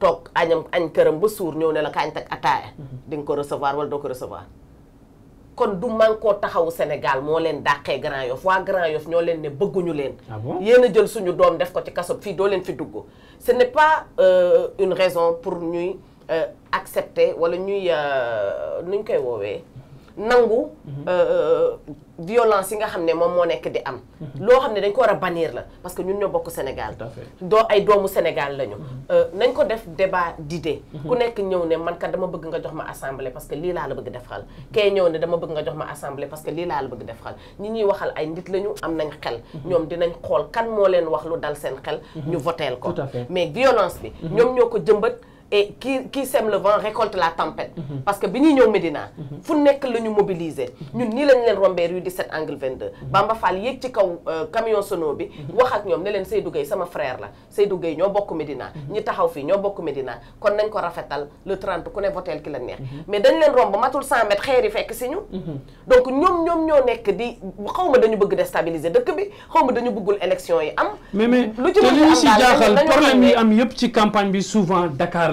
toog añam añ këram ba suur ñëw ne la kaañ teg ataaya di ko recevoir wala doo ko recevoir kon du mànkoo taxawu Sénégal mo len dàqee Grand yof wa Grand yof ñoo leen ne bëgguñu len ah yéna jël suñu doom def ko ci kasso fi do len fi dugg ce n'est pas euh, une raison pour ñuy euh, accepter wala ñuy euh, nuñ koy woowee nangu mhm. euh, euh, violence yi nga xam ne moom moo nekk di am mhm. loo xam ne dañ ko war a bannir la parce que ñun ñoo bokk Sénégal doo ay doomu Sénégal lañu mhm. euh, nañ ko def débat d'idée ku nekk ñëw ne man kat dama bëgg nga jox ma assemblée parce que lii laa la bëgg defal kee ñëw ne nga jox ma assemblée parce que lii bëgg defal ñi ñuy waxal ay nit lañu am nañ xel ñoom dinañ xool kan moo leen wax lu dal seen xel ñu voteel ko mais violence bi ñoom ñoo ko jëmbat et qui sème le vent récolte la tempête. Mhm. parce que bi sommes Médina. Mhm. fu que mobiliser. Mhm. Nous ni rue angle 22. Bamba Fall euh, camion sono bi. wax ak frère la Seydou bokk Médina. ñi taxaw bokk Médina kon nañ ko le 30 ku ki mais dañ leen romb matul donc nous déstabiliser élection am. campagne souvent Dakar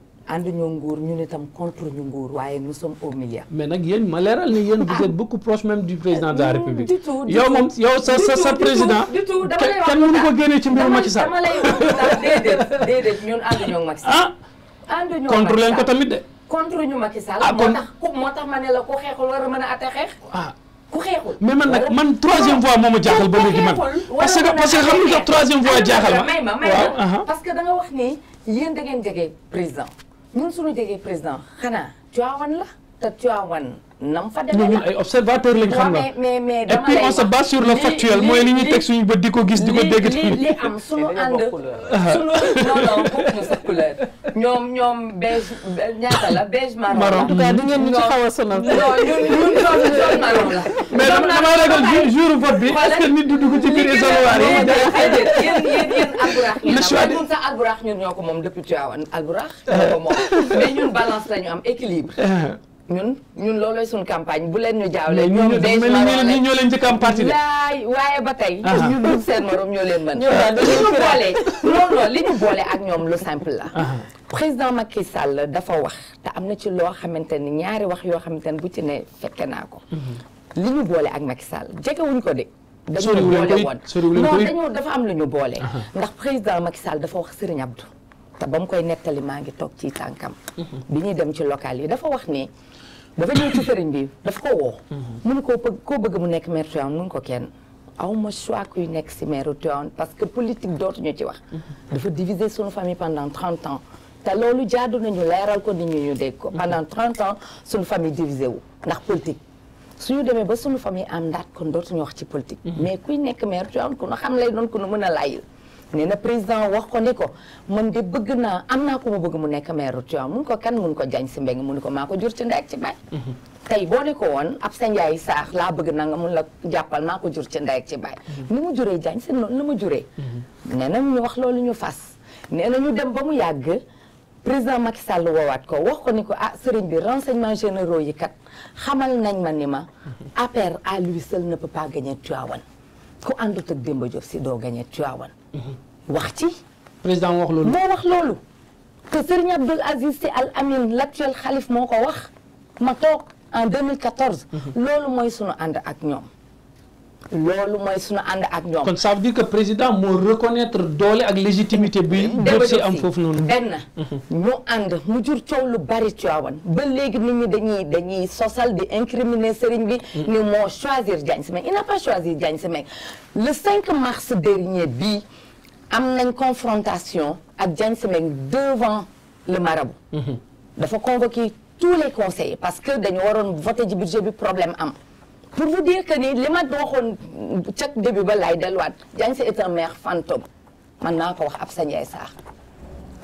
ànduñu nguur ñun itam contre ñu nguur waaye nous sommes au milieu. mais nag yéen ma leeral ni yéen vous êtes beaucoup proche même du président de la ah, république. yow moom yow sa sa président. kenn mënu ko génnee ci mbirum ah contre leen tamit de. contre ñu Macky Sall. ah, ah moo tax ku moo tax ma ne la ku xeexul war a mën xeex. ah ku xeexul. mais man nag man troisième fois moo ma jaaxal ba léegi man. parce que parce que xam nga troisième fois jaaxal ma. waaw uh-huh. parce que da nga wax ni yéen da ngeen jege président ñun suñu déggee président xanaa Tivaouane la te Tivaouane nam fa demee ñun ay observateur lañ xam nga mais mais et puis on se base sur le factuel mooy li ñuy teg suñu bët di ko gis di ko dégg li am suñu eh, ànd suñu non non couleur ñoom ñoom beige ñaata la beige marron. en tout cas di ngeen ñu ci xaw a sonal. non ñun ñun zone marron la. mais damay ragal jour vote bi est-ce que nit du dugg ci yi. déedéet yéen yéen yéen alburax yi la ñun sax alburax ko moom depuis Tivaouane alburax. ko moom balance la am équilibre. [laughs] ñun ñun loolooy suñu campagne bu leen ñu jaawle ñoom day ñun ñoo leen ci campagne laay waaye ba tey ñu dul seen morom ñoo leen mën [laughs] li ñu boole non non li ñu boole ak ñoom lu simple la président Macky Sall dafa wax te am na ci loo xamante ni ñaari wax yoo xamante ni bu ci ne fekke naa ko mhm. li ñu boole ak Macky Sall jegewuñ ko de dañu boole woon dafa am lu ñu boole ndax président Macky Sall dafa wax te ba mu koy nettali maa ngi toog ci tànkam mhm. bi ñuy dem ci local yi dafa wax ni dafa ñëw ci sëriñ bi daf ko woo. mu ne koo bëgg koo bëgg mu nekk maire Tivaouane mu ne ko kenn aw ma choix kuy nekk si maire Tivaouane parce que politique dootuñu ci wax. dafa diviser sunu famille pendant 30 ans. te loolu jaadu nañu leeral ko nit ñi ñu dégg ko. pendant 30 ans sunu famille divisé wu ndax su ñu demee ba sunu famille am ndaat kon dootuñu wax ci politique. Mhm. mais kuy nekk maire Tivaouane ku nu xam lay doon ku nu mën a laayil. nee na président wax ko ni ko mën de bëgg naa am naa ko mu bëgg mu nekk maire Tivaouane mun ko kan mun ko jañ si mbeng mu ko maa ko jur ci ndey ak ci baay mhm. tey boo ne ko woon ab sa njaay saax laa bëgg na nga mun la jàppal maa ko jur ci ndey ci baay nu mu juree jañ si noonu la mu juree mhm. nee na ñu wax loolu ñu fas nee na ñu dem ba mu yàgg président Macky Sall woowaat ko wax ko ni ko ah sëriñ bi renseignement généraux yi kat xamal nañ ma ni ma mhm. APR à lui seul ne peut pas gagner ku àndut ak Demba Diop si doo gagner Tivaouane wax ci. président wax loolu moo wax loolu. que Serigne Abdoul Aziz Sy Al Amin l'actuel xalif moo ko wax ma toog en 2014. Mhm. loolu mooy sunu ànd ak ñoom. loolu mooy sunu ànd ak ñoom. kon ça président moo reconnaître doole ak légitimité bi. dëgg si am foofu noonu. benn mhm. ñu ànd mu jur coow lu bari Tiwaawan ba léegi nit dañuy dañuy sosal di incriminer Serigne bi. Mhm. ni moo choisir Diagne Sy Mbengue il n'a pas choisi Diagne Sy Mbengue le cinq mars dernier bii. a une confrontation ak Diagne devant le marabout. Il mhm. faut convoquer tous les conseils parce que nous avons voté du budget du problème pour vous dire que les li ont voté le début ba la loi, est un maire fantôme Maintenant, il faut wax ça.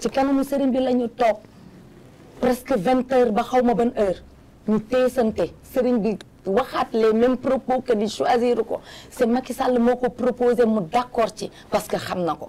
ci kanamu sëriñ bi la ñu toog presque vingt heures ba xaw ma ban heure ñu teesante sëriñ bi waxaat les mêmes propos que di ko c'est Macky Sall moo ko proposé mu d'accord ci parce que xam na ko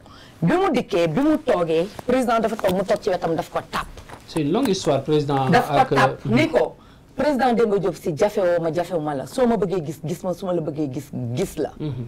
bi mu dikkee bi mu toogee président dafa toog mu toog ci wetam daf ko tàpp. c'est une longue président. daf ko euh, tàpp ni ko président Demba Diop si jafewoo ma jafewu ma la soo ma bëggee gis gis ma su ma la bëggee gis gis la. Mhm.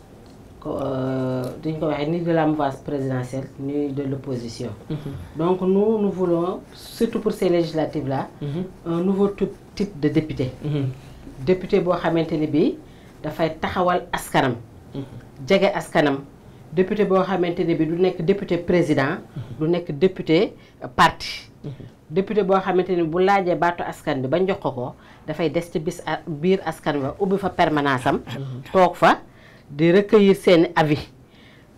duñ euh, ko ni de la mouvance présidentielle ni de l'opposition mhm. donc nous nous voulons surtout pour ces législatives là mhm. un nouveau type de député mhm. député Bo xamante Bi, bii dafay taxawal askanam djage askanam député Bo xamante bi du député président du nekk député euh, parti député Bo xamante ni bu de baatu askan bi ba njox ko ko dafay des ci bis ah, askan wa ubbi fa permanence am toog fa di recueillir seeni avis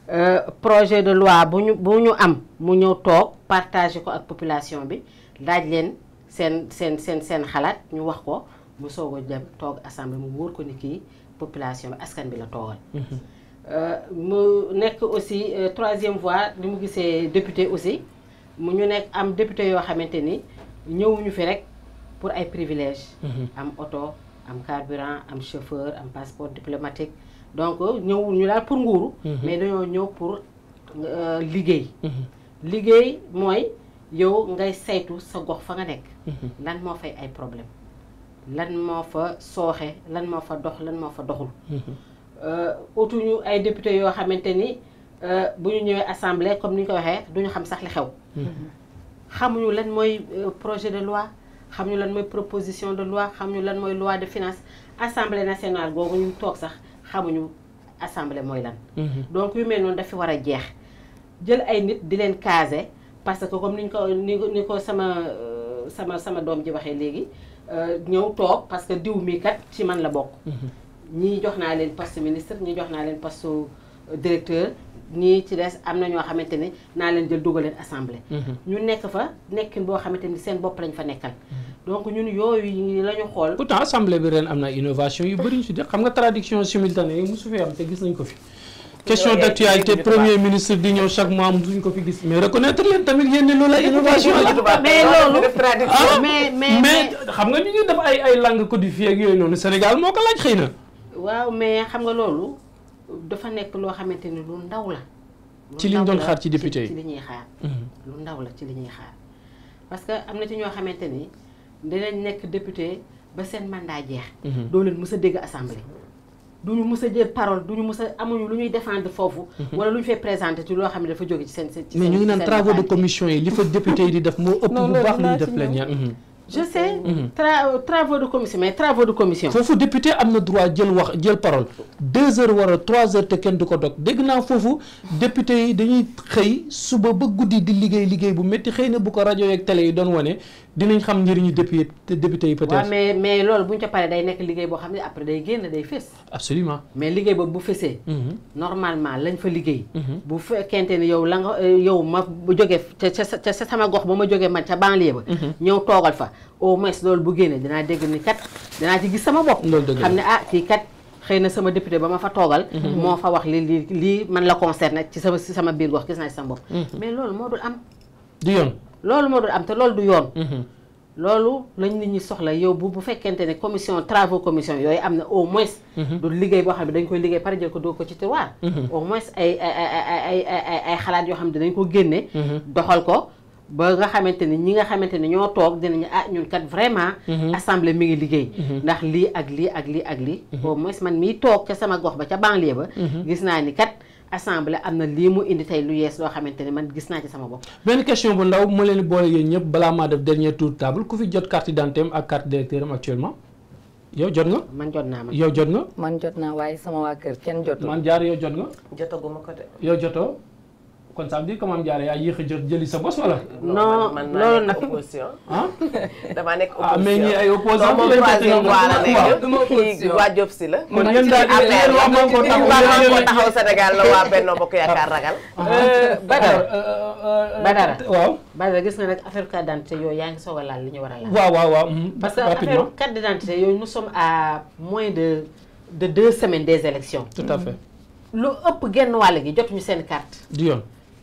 euh, projet de loi bu ñu bu ñu am mu ñëw toog partager ko ak population bi laaj leen sen sen seen seen xalaat ñu wax ko mu sogo dem tok assemblée mu wor ko ni ki population bi askan bi la mhm. euh mu nekk aussi euh, troisième voie ni mu gisee député aussi mu ñu nekk am député yo xamanteni ni ñu fi rek pour ay privilèges. Mhm. am auto am carburant am chauffeur am passeport diplomatique donc nous sommes là pour nous, mhm. mais sommes là pour pour nous. Nous yow ngay pour sa gox fa nga pour mhm. lan Nous ay problème lan Nous sommes là lan nous. dox là pour nous, Nous nous assemblée comme nous nous xew mhm. euh, projet de loi là lan nous proposition de loi nous loi de finances. assemblée nationale xamuñu assemblée mooy lan. Mhm. donc yu mel noonu dafa war a jeex jël ay nit di leen caser parce que comme niñ ko ni ko sama euh, sama sama doom ji waxee léegi euh, ñëw toog parce que diw mii kat ci man la bokk. Mhm. ñii jox naa leen poste ministre ñii jox naa leen poste directeur ñii ci des am na ñoo xamante ni naa leen jël dugal leen assemblée. Mhm. ñu nekk fa nekkin boo xamante ni seen bopp lañ fa nekkal. donc ñun yooyu la ñu xool. pourtant assemblée bi ren am na innovation yu bëri ñu si def xam nga traduction simultanée yi mosu fi am te gis nañ ko fi. question d' actualité premier ministre di ñëw chaque mois duñ ko fi gis mais reconnaître leen tamit yéen ne loolu ay innovation la ah, mais xam nga ni ñuy ay ay langues codifiées ak yooyu noonu Sénégal moo ko laaj xëy na. waaw mais xam nga loolu dafa nekk loo xamante ni lu ndaw la. ci li ñu doon xaar ci député yi ci ñuy xaar. Mhm. lu ndaw la ci li ñuy xaar parce que am na ci ñoo xamante ni. dinañ nekk député ba seen mandat jeex. Mhm. doo leen mës a dégg assemblée. duñu mës a jël parole duñu mës a amuñu lu ñuy défendre foofu. Mhm. wala lu ñu fay présenté ci loo xam ne dafa jóge ci seen seen. mais ñu ngi naan travaux de commission yi li fa député yi di def moo ëpp. bu baax li def plénière. Mhm. je sais. travaux de commission mais travaux de commission. foofu député am na droit jël wax jël parole deux heures wala trois heures te kenn du ko dog dégg naa foofu député yi dañuy xëy suba ba guddi di liggéey liggéey bu métti xëy na bu ko rajo yeeg télé yi doon wane dinañ xam njëriñu député député yi peut être. waaw mais mais loolu bu ñu ca paree day nekk liggéey boo xam ne après day génn day fës. absolument mais liggéey boobu bu fësee. Mhm. normalement lañ fa liggéey. Mhm. bu fekkente ne yow la nga euh, yow ma jóge ca sama gox ba ma jógee man ca banlieue ba. Mhm. ñëw toogal fa au moins loolu bu génnee danaa dégg ni kat dinaa ci gis sama bopp. xam ne ah kii kat. xëy na sama député ba ma fa toogal. moo fa wax li lii lii man la concerné ci sama ci sama biir sama bopp. mais loolu moo dul am. du loolu moo doon am te loolu du yoon. Mhm. loolu lañ nit ñi soxla yow bu bu fekkente ne commission travaux commission yoy amna au moins. Mhm. du liggéey bo xam dañ koy liggéey pare jël ko do ko ci tiroir. Mhm. au moins ay ay ay ay ay xalaat yo xam dañ ko génné doxal ko ba nga xamante ni ñi nga xamante ni ñoo toog dinañu ah ñun kat vraiment. assemblée mi ngi liggéey. ndax lii ak lii ak lii ak lii. au moins man miy toog ca sama gox ba ca banlieue ba. gis naa ni kat. assemblée am na lii mu indi tey lu yees loo xamante ne man gis naa ci sama bopp. benn question bu ndaw moo leen boole yéen ñëpp balaa maa def dernier tour table ku fi jot carte d'identité am ak carte d'électeur am actuellement yow jot nga. man jot naa man yow jot nga. man jot naa waaye sama waa kër kenn jot man jaar yow jot nga. jotaguma ko de. yow joto kon ça veut dire que Mame Diarra yaa yéex a jël jëli sa bos wala. non man maa nekk opposition. damaa nekk opposition ah, [laughs] ah ay waa Diop la. kon yéen daal yéen waa man ko taxaw Sénégal la waa Benno Bokk [laughs] ah, ah. Euh, euh, euh, gis nga nag affaire carte d'identité yooyu yaa ngi soog laal li ñu war a laal. waaw waaw mm-hmm. parce que affaire carte d'identité yooyu nous sommes à moins de de deux semaines des élections. tout à fait. lu ëpp genn wàll gi jotuñu seen carte. di yoon.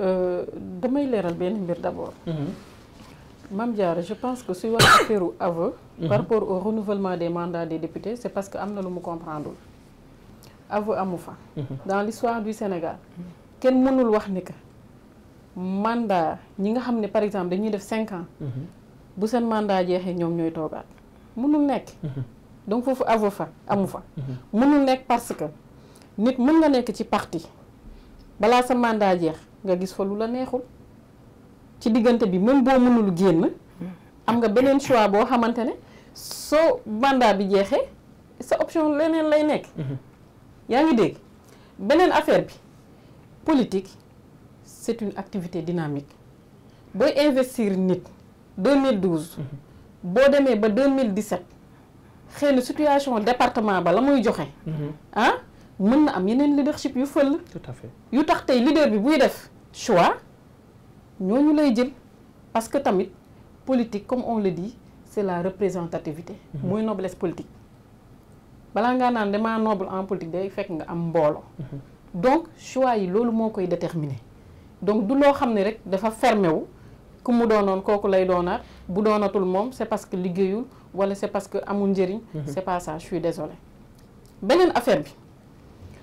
Euh, damay leral ben mbir d'abord. Mhm. Mam Diarra je pense que si wax [coughs] affaire u aveu mhm. par rapport au renouvellement des mandats des députés c'est parce que amna lu mu comprendre aveu amoufa. Mhm. dans l'histoire du Sénégal ken mënul wax ni que mandat ñi nga xamné par exemple dañuy def cinq ans bu seen mandat jeexee ñom ñoy toogaat mënul nek. donc fofu aveu fa amoufa. mënul nek parce que nit mën nga nek ci parti bala sa mandat jeex nga gis fa la neexul ci bi même am nga choix option leneen lay mhm. affaire bi politique c'est une activité dynamique booy investir nit 2012 mhm. boo demee ba 2017 xëy na situation département ba la muy mhm. ah mën na am yeneen leadership yu fël. tout à fait yu tax tey leader bi buy def choix ñooñu lay jël parce que tamit politique comme on le dit c'est la représentativité. Mhm. mooy noblesse politique. balaa ngaa naan damaa noble en politique day fekk nga am mbooloo. Mhm. donc choix yi loolu moo koy déterminer donc du loo xam ne rek dafa fermé wu ku mu doonoon kooku lay doonaat bu doonatul moom c'est parce que liggéeyul wala c'est parce que amul njëriñ. Mhm. c'est pas ça je suis désolé. beneen affaire bi.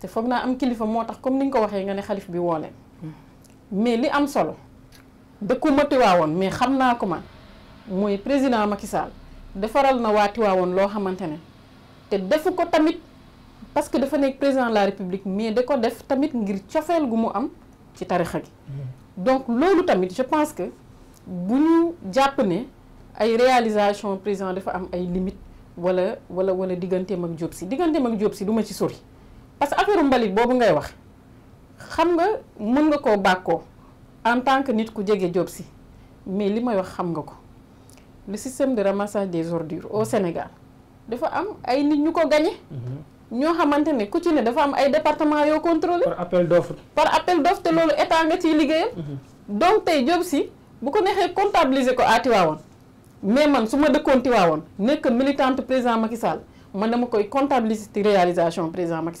te fogna am kilifa motax comme ni nga ko waxee nga ne xalif bi wolé mais li am solo dëkkuma Tiwaawoon mais xamna ko ma moy président Macky Sall defaral na waa Tiwaawoon lo xamantene te defu ko tamit parce que dafa nek président de la république mais de ko def tamit ngir cofeel gu mu am ci tarikha gi donc lolu tamit je pense que buñu jàpp ne ay réalisation président dafa am ay limites wala wala wala digganteem ak Diop Sy digganteem ak Diop Sy du ci sori parce que affaire mbali boobu ngay wax xam nga mën nga koo bàkkoo en tant que nit ku jege job si mais li may wax xam nga ko le système de ramassage des ordures au Sénégal dafa am ay nit ñu ko gañe mhm. ñoo xamante ne ku ci ne dafa am ay département yow contrôlé par appel d'offre par appel d'offre te loolu état nga ciy liggéeyal mhm. donc tey job si bu ko neexee comptabiliser ko à Tivaouane mais man su ma dëkkoon Tivaouane nekk militante président Macky Sall man dama koy comptabiliser réalisation président Macky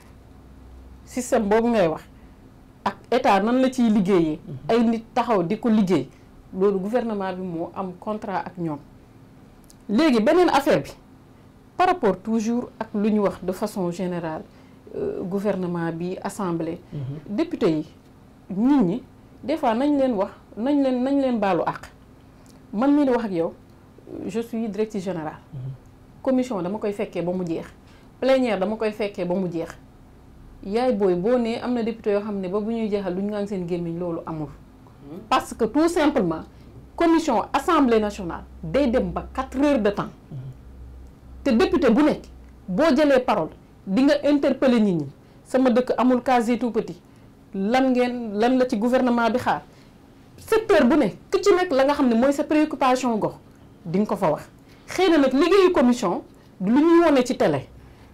système boobu ngay wax ak état nan la ci liggéeyee. Mhm. ay nit taxaw diko ko liggéey loolu gouvernement bi mo am contrat ak ñom légui benen affaire bi par rapport toujours ak luñu wax de façon générale euh, gouvernement bi assemblée. Mhm. député yi nit ñi des fois nañ leen wax nañ leen nañ leen balu ak man mi di wax ak yow je suis directeur général, mhm. commission dama koy fekkee ba mu jeex plénière dama koy fekkee ba mu jeex yaay boy boo nee amna député yo xamné ba bu ñuy jeexal duñu naan seen gémmiñ lolu amul. parce que tout simplement commission assemblée nationale day dem ba quatre heures de temps té député bu nekk bo jëlee parole di nga interpeller nit ñi sama dëkk amul casier tout petit lan ngeen lan la ci gouvernement bi xaar secteur bu nekk ku ci nek la nga xamné moy sa préoccupation gox di nga ko fa wax. xëy nak liggéeyu commission du lu ñuy woné ci télé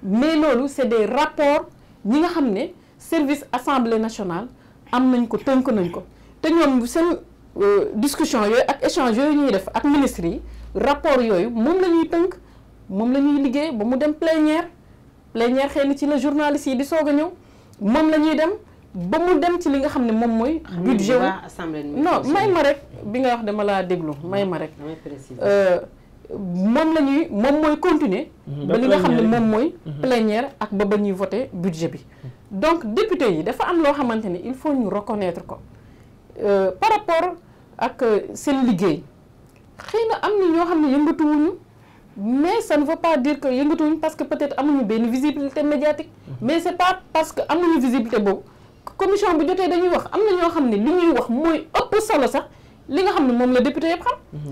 mais lolu c'est des rapports. ñi nga xam ne service assemblée nationale am nañ ko tënk nañ ko te ñoom seen euh, discussion yooyu ak échange yooyu ñuy def ak ministre yi rapport yooyu moom la ñuy tënk moom la ñuy liggéey ba mu dem plénière plénière xëy na ci la journaliste yi di soog a ñëw moom la ñuy dem ba mu dem ci li nga xam ne moom mooy ah, budget non may ma rek bi nga wax dama laa déglu may ma rek ah, moom la ñuy moom mooy continuer mhm. ba li nga xam ne moom mooy plénière ak ba ba ñuy voter budget bi mhm. donc député yi dafa am loo xamante ne il faut ñu reconnaître ko euh, par rapport ak euh, seen liggéey xëy na am na ñoo xam ne yëngatuwuñu mais ça ne veut pas dire que yëngatuwuñu parce que peut-être amuñu benn visibilité médiatique mhm. mais c'est pas parce que amuñu visibilité boobu commission bi jotee dañuy wax am na ñoo xam ne li ñuy wax mooy ëpp solo sax li nga xam ne moom la député yëpp xam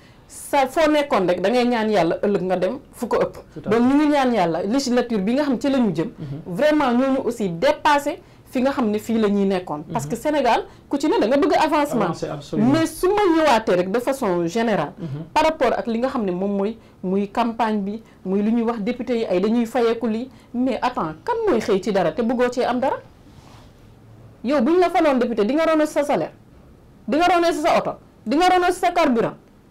sa foo nekkoon rek da ngay ñaan yàlla ëllëg nga dem fu ko ëpp donc ñu ngi ñaan yàlla législature bi nga xam ci la ñu jëm mm-hmm. vraiment ñooñu aussi dépassé fi nga xam ne fii la ñuy nekkoon parce que mm-hmm. Sénégal ku ci ne da nga bëgg avancement mais su ma ñëwaatee rek de façon générale mm-hmm. par rapport ak li nga xam ne moom mooy muy campagne bi muy lu ñuy wax député yi ay dañuy fayeeku lii mais attends kan mooy xëy ci dara te bëggoo cee am dara yow bu ñu la faloon député di nga rono sa salaire di nga rono sa oto di nga rono sa carburant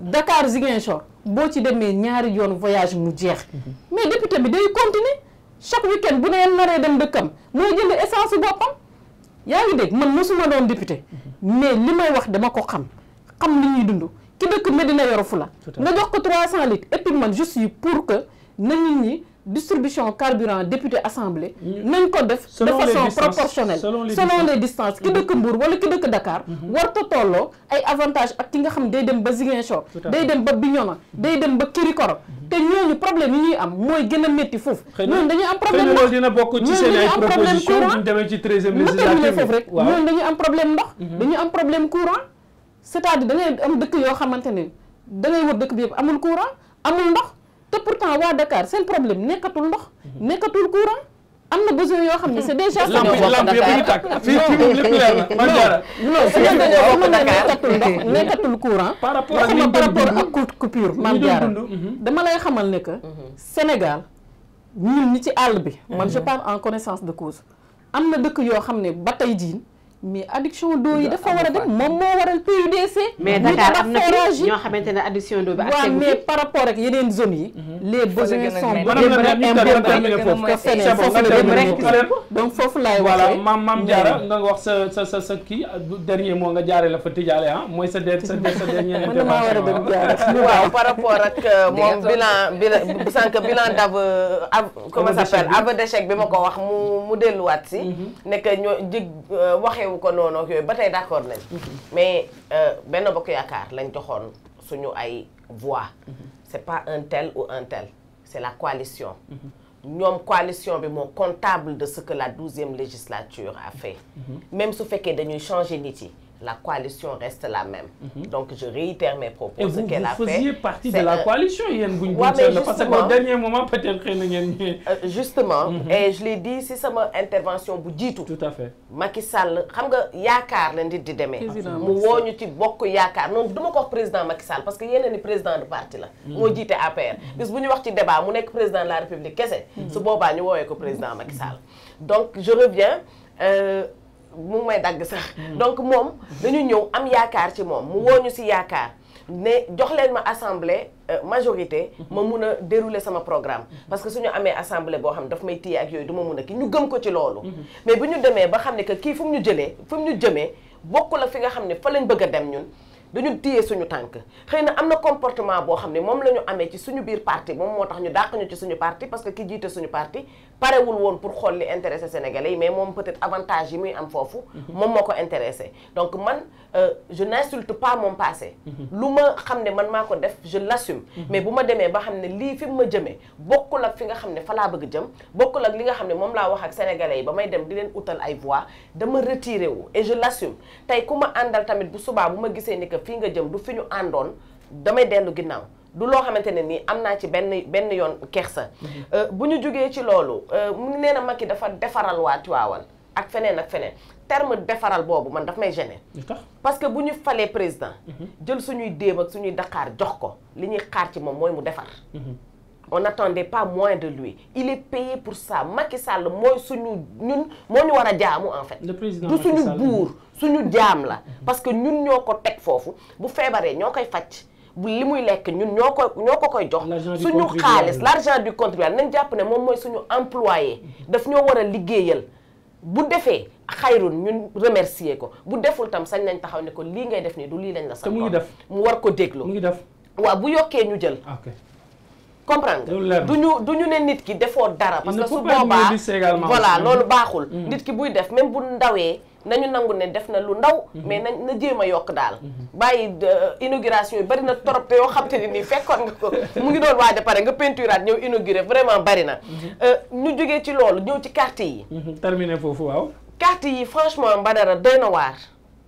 Dakar Ziguinchor boo ci demee ñaari voyage mu jeex mais député bi day chaque week-end Vous avez dem dëkkam mooy jënd essence boppam yaa dégg man mosuma doon député mais li wax dama ko xam xam li ñuy dund ki Medina de Fula ko 300 litres et puis je suis pour que na distribution carburant député assemblée mm. nañ ko def de façon proportionnelle selon les distances ki dëkk Mbour wala ki dëkk Dakar mm-hmm. warta tolo ay avantage ak ki nga xam day dem ba Ziguinchor day dem ba Bignona mm-hmm. day dem ba Kirikoro mm-hmm. te ñooñu problème ñi am moy gëna metti métti foofu ñooñu dañuy am problème ndox dina bokk ci seen ay proposition ñu demee ci treizième législature mu terminé am problème ndox dañuy am problème courant c'est-à-dire da ngay am dëkk yo xamante ne da ngay wër dëkk bi amul courant amul ndox te pourtant waa Dakar seen problème nekkatul ndox. nekkatul courant. am na besoin yoo xam ne c'est déjà. lamp yi lamp yi ñu tàkk fii nekkatul ndox nekkatul courant. par rapport ak par rapport ak coupure maam mhm. dama lay xamal ne que. Mhm. Sénégal ñun ñi ci àll bi. man je mhm. parle en connaissance de cause. am na dëkk yoo xam ne ba tey jii. mais adduction d'eau yi dafa war a dem moom moo waral PUDC. mais Dakar am na fi ñoo xamante ne adduction d'eau bi. ak mais par rapport ak yeneen zone yi. les besoins sont donc foofu laay voilà maam maam Diarra nga wax sa sa sa sa kii dernier moo nga jaare la fa tijjaale ah mooy sa der sa sa dernier [laughs] intervention waaw par rapport ak euh, moom bilan bilan sànq bilan d'ave comment ça s'appelle aveu d'échec bi ma ko wax mu mu delluwaat si mm-hmm. nekk ñoo jig euh, waxewu ko noonu ak yooyu ba tey d'accord nañ mm-hmm. mais euh, benn bokk yaakaar lañ joxoon suñu ay voix mm-hmm. c'est pas un tel ou un c'est la coalition ñoom coalition bi moo comptable de ce que la douzième législature a fait mhm. même su fekkee dañuy changer nit yi la coalition reste la même. Mhm. Donc, je réitère mes propos. Et vous, qu'elle a fait. Vous faisiez partie de la coalition, Yann ouais, parce qu'au dernier moment, peut-être que euh, Justement, mhm. et je l'ai dit, c'est ça ma intervention, vous dites tout. Tout à fait. Macky Sall, vous savez, Yakar, lundi de demain. Évidemment. Nous avons beaucoup de Non, je ne suis président Macky Sall, parce qu'il y a un président de parti. là. Nous dit APR. Mais si nous avons débat, nous sommes président de la République. Qu'est-ce que c'est Ce bon, nous président mhm. Macky Sall. Donc, je reviens. Euh, Hmm. mu may dag sax. donc mom dañu ñew am yaakar ci mom mu woñu ci si né jox leen ma assemblée euh, majorité. ma mun a dérouler sama programme. parce que suñu amee assemblée boo xam daf may téye ak yooyu du ma mun a kii ñu gëm ko ci loolu. Hmm. mais bu ñu demee ba xam ne que kii fu mu ñu jëlee fu mu ñu jëmee bokk la fi nga xam ne fa lañ bëgg a dem ñun. dañu téye suñu tànk xëy na am na comportement boo xam ne moom la ñu amee ci suñu biir parti moom moo tax ñu dàq ñu ci suñu parti parce que ki jiite suñu parti parewul won pour xol li intéressé sénégalais mais mom peut-être avantage yi muy am fofu mom moo intéressé donc man euh, je n'insulte pas mon passé luma xamné ne man mako def je l'assume mais buma ma ba xamné li fi ma jëmee bokkul ak fi nga xamné ne fa la bëgg jëm bokkul ak li nga xamné ne la wax ak sénégalais yi ba may dem di len utal ay voix dama retiré wu et je l'assume tay kuma andal tamit bu suba buma gisé gisee ni que fii nga jëm du fiñu andone damay dellu ginnaw du lo xamantene ni amna ci ben ben yoon kersa. euh buñu jugee ci lolu euh nee na Macky dafa défaral wa Tiwaawan ak fenen ak fenen terme défaral bobu man daf may gêner. parce que buñu ñu président. Mhm. jël suñuy déem ak suñuy Dakar jox ko liñuy xaar ci mom moy mu défar mhm. on n'attendait pas moins de lui il est payé pour ça Macky Sall moy suñu ñun moo ñu war jaamu en fait. le président du suñu buur suñu jaam la. Mhm. parce que ñun ñoko tek fofu bu fébaré ñoo koy li muy lekk ñun ñoo ko ñoo ko koy jox suñu xaalis l'argent du contribuable nañ jàpp ne moom mooy suñu employé daf ñoo war a liggéeyal bu defee xayrun ñun remercier ko bu deful tam sañ nañ taxaw ne ko lii ngay def nii du lii lañ la sax mu def mu war ko déglu mu ngi def waaw bu yokkee ñu jël ah, comprendre nga duñu du ñu ne nit ki defoo dara parce que su boobaa voilà mm. loolu baaxul mm. nit ki buy def même bu ndawee nañu nangu ne def na lu ndaw mhm. mais na na jéem a yokk daal mhm. bàyyi inauguration yi bari na torop te yoo xam te ne fekkoon nga ko [laughs] mu ngi doon waaj a pare nga peinturaat ñëw inauguré vraiment bari na mhm. euh, ñu jógee ci loolu ñëw ci carte yi terminé foofu waaw carte yi franchement ba doy na waar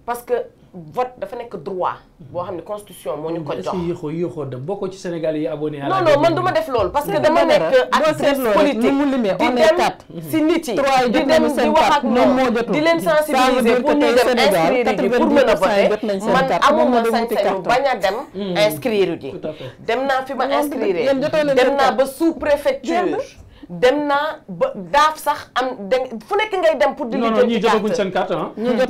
parce que vote dafa nekk droit boo xam ne constitution moo ñu ko jox yéexoo boo ko ci Sénégal yi abonné à non man du ma def loolu parce que dama nekk actrice politique di dem si nit yi di dem di wax ak ñoom di leen sensibiliser pour ñu a voter man amuma sañ-sañu dem inscrire ji dem naa fi ma inscrire dem naa ba sous préfecture dem naa ba daaf sax am de fu nekk ngay dem pour. di li jot ci carte non non ñii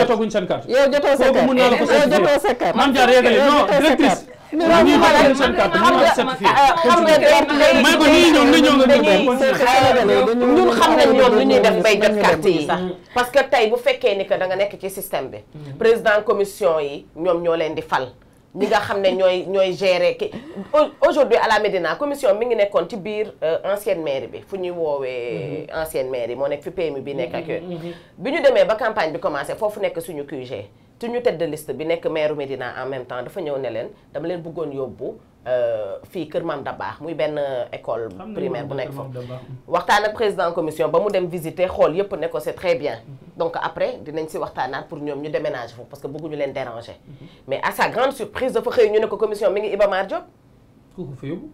jotaguñ seen carte ah. ñii jot seen carte non jotaguñ yow jotoo sa carte yow jotoo sa carte man jaar yeegale non directrice. ñu ngi bëgg seen carte nii ñun xam nañ ñoom lu ñuy def bay jot carte yi sax. parce que tey bu fekkee ni que danga nekk ci système bi. président commission yi ñoom ñoo leen di fal. aujourd'hui à la Médina commission a été euh, ancienne mairie bi fu ñuy l'ancienne mhm. ancienne mairie moo nekk PMU bi la mhm, mhm, campagne bi commencé suñu tête de liste bi nek maire Medina en même temps dafa ñew ne leen dama leen bëggoon euh fi Kër Maam Dabaax muy benn école primaire bu nek fo waxtaan ak président commission ba mu dem visiter xol yëpp ne ko c'est très bien mm-hmm. donc après dinañ ci waxtaanaat pour ñom ñu déménager fo parce que ñu leen déranger mm-hmm. mais à sa grande surprise dafa xey ñu ne ko commission mi ngi Iba Mar Diop ko fa yóbbu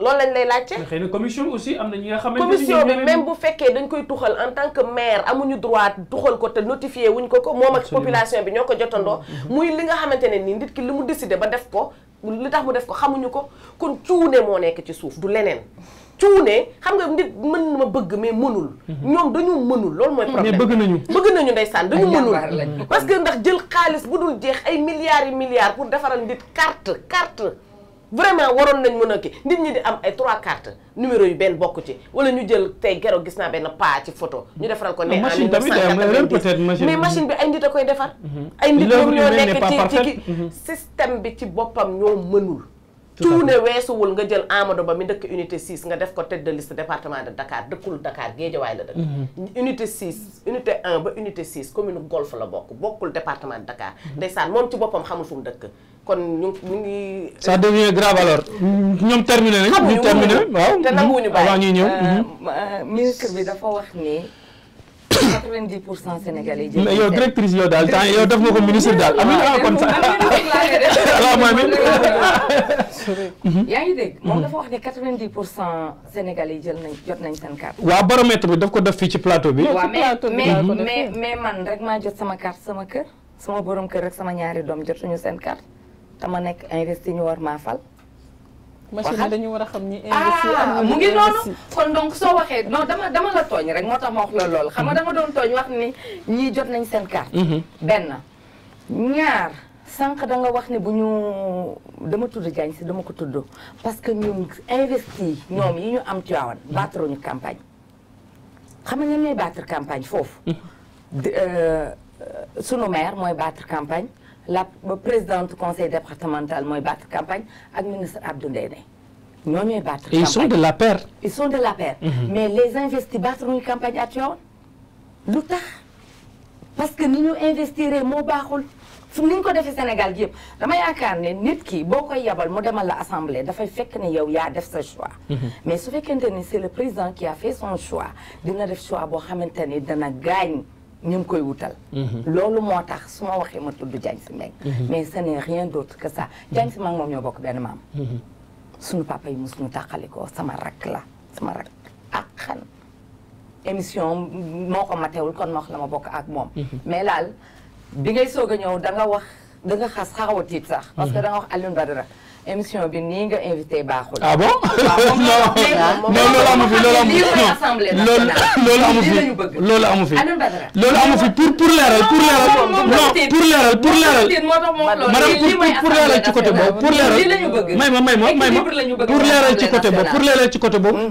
loolu lañ lay laajte. xëy na commission aussi am na ñi nga xamante ni commission bi même bu fekkee dañ koy tuxal en tant que maire amuñu droit tuxal ko te notifié wuñ ko ko moom ak population bi ñoo ko jotandoo. Mm-hmm. muy li nga xamante ne nii nit ki li mu décidé ba def ko li tax mu def ko xamuñu ko kon cuune moo nekk ci suuf du leneen. cuune xam nga nit mën na ma bëgg mais mënul. Mm-hmm. ñoom dañu mënul loolu mooy problème bëgg nañu. bëgg nañu ndeysaan dañu mënul parce que ndax jël xaalis bu dul jeex ay milliards yi milliards pour defaral nit carte carte. vraiment waroon nañ mën a kii nit ñi di am ay trois cartes numéro yi benn bokk ci wala ñu jël tey gero gis naa benn paa ci photo ñu defaral ko ne machine tamit euh, mais machine bi ay nit a koy defar mhm. ay nit ñoo nekk ci ci mhm. système bi ci boppam ñoo mënul tout ne weesuwul nga jël Amadou Ba mi dëkk unité 6 nga def ko tête de liste département de Dakar dëkkul Dakar Géejawaay la dëkk mhm. unité 6 unité 1 ba unité 6 commune Golf la bokk bokkul département de Dakar ndeysaan moom ci boppam xamul fu mu dëkk kon ñu ngi. ça devient grave alors. ñoom terminé nañ. ñu terminé waaw te nanguwuñu bàyyi avant ñuy ñëw. Euh, mhm. euh, ministre bi dafa wax ni. 90 pour cent sénégalais yi. yow directrice yow daal temps yow def nga ko ministre daal amiin ah kon sax amiin. [laughs] Mhm. Mhm. yaa ngi dégg. moom dafa wax ne 90 pour cent sénégalais yi jël nañ jot nañ seen carte. waaw baromètre bi daf ko def fii ci plateau bi. waaw mais mais mais man rek maa jot sama carte sama kër sama borom kër rek sama ñaari doom jotuñu seen carte. dama nekk investi ñu war maa fal. machine dañu war a xam ni investi ah, mu ngi noonu kon donc soo waxee non dama dama la tooñ rek moo tax ma wax la loolu xam nga mhm. dama doon tooñ wax ni ñii jot nañ seen carte. Mhm. benn ñaar sànq da nga wax ne bu ñu dama tudd Diagne si dama ko tudd parce que ñun investi ñoom yi ñu am Tivaouane mhm. battre ñu campagne xam nga ñan ñooy campagne foofu. Euh, sunu maire mooy battre campagne. la présidente conseil départemental mooy battre campagne ak ministre Abdou Ndéné ñoo battre campagne ils sont de la paire. ils sont de la paire. Mm-hmm. mais les investis battre une campagne at yoon parce que ni investirons investir moo baaxul fu ni ñu ko defee Sénégal gi yëpp dama yaakaar ne nit ki boo koy yabal mu fait la assemblée dafay fekk ne yow yaa def choix. Mm-hmm. mais su fekkente ni c'est le président qui a fait son choix dina def choix boo xamante ni dana gaañ. ñu ngi koy wutal. Mhm. loolu moo tax su ma waxee ma tudd Diagne Sy Mbengue. Mhm. mais ce n'est rien d'autre que ça mhm. Diagne Sy Mbengue moom ñoo bokk benn maam. sunu papa yi mosuñu tàqalikoo sama rak la sama rak ak xan émission moo ko matewul ko ma wax la ma bokk ak moom. mais laal bi ngay soog a ñëw da nga wax da nga xas xaw a tiit sax. parce que da nga wax Alioune Badara. émission bi nii nga invité baaxul. ah bon [laughs] non non loolu amu fi loolu amu fi loolu amu fi loolu amu fi loolu amu pour pour leeral pour leeral non pour leeral leeral ci côté bo pour leeral may ma may ma may leeral ci côté boobu pour leeral ci côté boobu.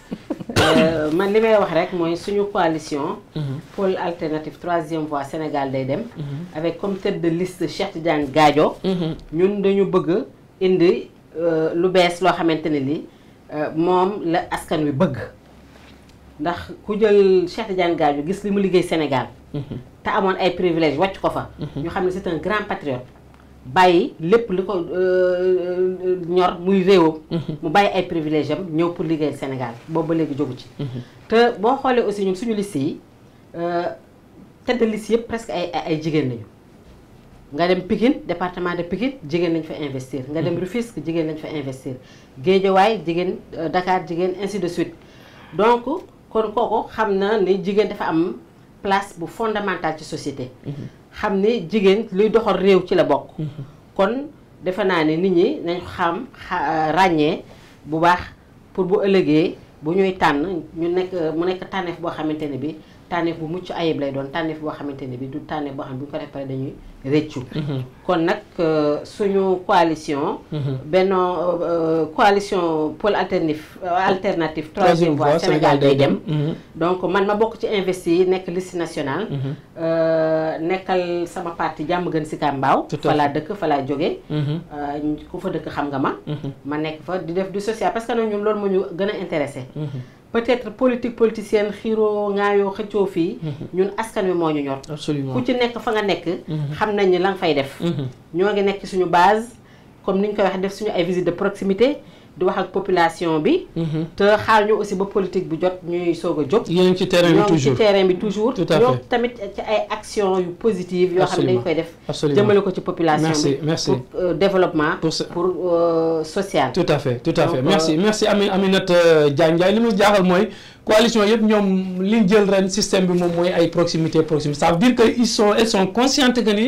Euh, man li may wax rek mooy suñu coalition. Mhm. pôle alternative troisième voie Sénégal day dem. Mhm. avec comme tête de liste Cheikh Tidiane Gadio. Mhm. ñun dañu bëgg indi euh, lu bees loo xamante ne li euh, moom la askan wi bëgg. ndax ku jël Cheikh Tidiane Gadio gis li mu liggéey Sénégal. te amoon ay privilèges wàcc ko fa. ñu xam ne c'est un grand patriote. bàyyi lépp lu ko euh, euh, ñor muy réewam. Mhm. mu bàyyi ay privilège am ñëw pour liggéeyal Sénégal boobu ba léegi jógu ci. Mhm. te boo xoolee aussi ñun suñu liste yi euh, tête de liste yëpp presque ay ay jigéen lañu. nga dem Pikine département de Pikine jigéen lañ fa investir. nga dem mhm. Rufisque jigéen lañ fa investir. Géejawaay jigéen Dakar jigéen ainsi de suite donc kon kooku xam na ni jigéen dafa am place bu fondamentale ci société. xam ne jigéen luy doxal réew ci la bokk mhm. kon defe naa ne nit ñi nañ xam euh, ràññee bu baax pour bu ëllëgee bu ñuy tànn ñu nekk mu nekk tànneef boo xamante ne bi tànneef bu mucc ayib lay doon tànneef boo xamante ne bi du tànneef boo xam ne bu ñu ko def pare dañuy rëccu mhm. kon nag euh, suñu coalition mhm. benno euh, coalition pôle alternatif euh, alternatif troisième Sénégal day dem mhm. donc man ma bokk ci investi nekk liste nationale nekkal sama parti jàmm gën si Kambaaw fa laa dëkk fa laa jóge ku fa dëkk xam nga ma ma nekk fa di def du social parce que nag ñun loolu moo ñu gën a intéressé peut-être politique politicienne xiiroo ngaayoo xëccoo fii. Mhm. ñun askan wi moo ñu ñor. absolument ku ci nekk fa nga nekk. Mhm. xam nañ ni la nga fay def. Mhm. ñoo ngi nekk ci suñu base comme ni ñu koy waxee def suñu ay visite de proximité. di wax ak population bi. Mhm. te xaar aussi ba politique bi jot ñuy soog a jóg. ñoo ci terrain bi toujours ci terrain bi toujours. tout à fait ñoom tamit ci ay actions yu positives. yoo xam ne dañ koy def. jëmale ko ci population bi. merci merci pour euh, développement. pour pour euh, social. tout à fait tout à fait euh, merci merci Ami Aminata Diagne Ndiaye li ma jaaxal mooy. coalition yëpp ñoom li ñu jël ren système bi moom mooy ay proximité proximité ça veut dire que ils sont elles sont conscientes que ni.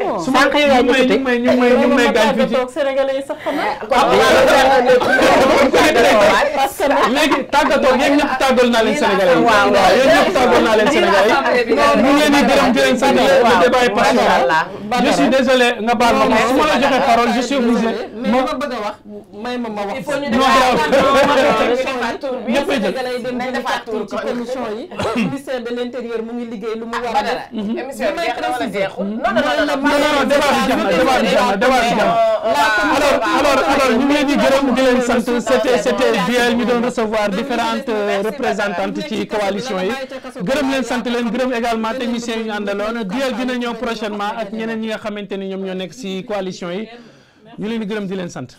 su ma ñu may ñu may ñu may ñu may gaañ fii ci ah, ah, [laughs] léegi tàggatoo yéen ñëpp tàggal naa leen yi waaw yéen ñëpp tàggal naa leen yi ñu di gërëm di leen sant le débat est passionnant je suis désolé nga baal ma su ma la joxee parole je suis obligé ma bëgg a wax ma ma wax [laughs] ñëpp jël ci commission yi [laughs] ministère de l'intérieur mu ngi liggéey a ah, def mhm. non débat bi jeex na débat bi jeex na débat bi jeex na alors alors alors ñu leen di gërëm di leen sant c'était c'était duel ñu doon recevoir différentes représentantes ci coalition yi gërëm leen sant leen gërëm également techniciens yi ñu àndaloon duel dina ñëw prochainement ak ñeneen ñi nga xamante ni ñoom ñoo nekk ci coalition yi ñu leen di gërëm di leen sant.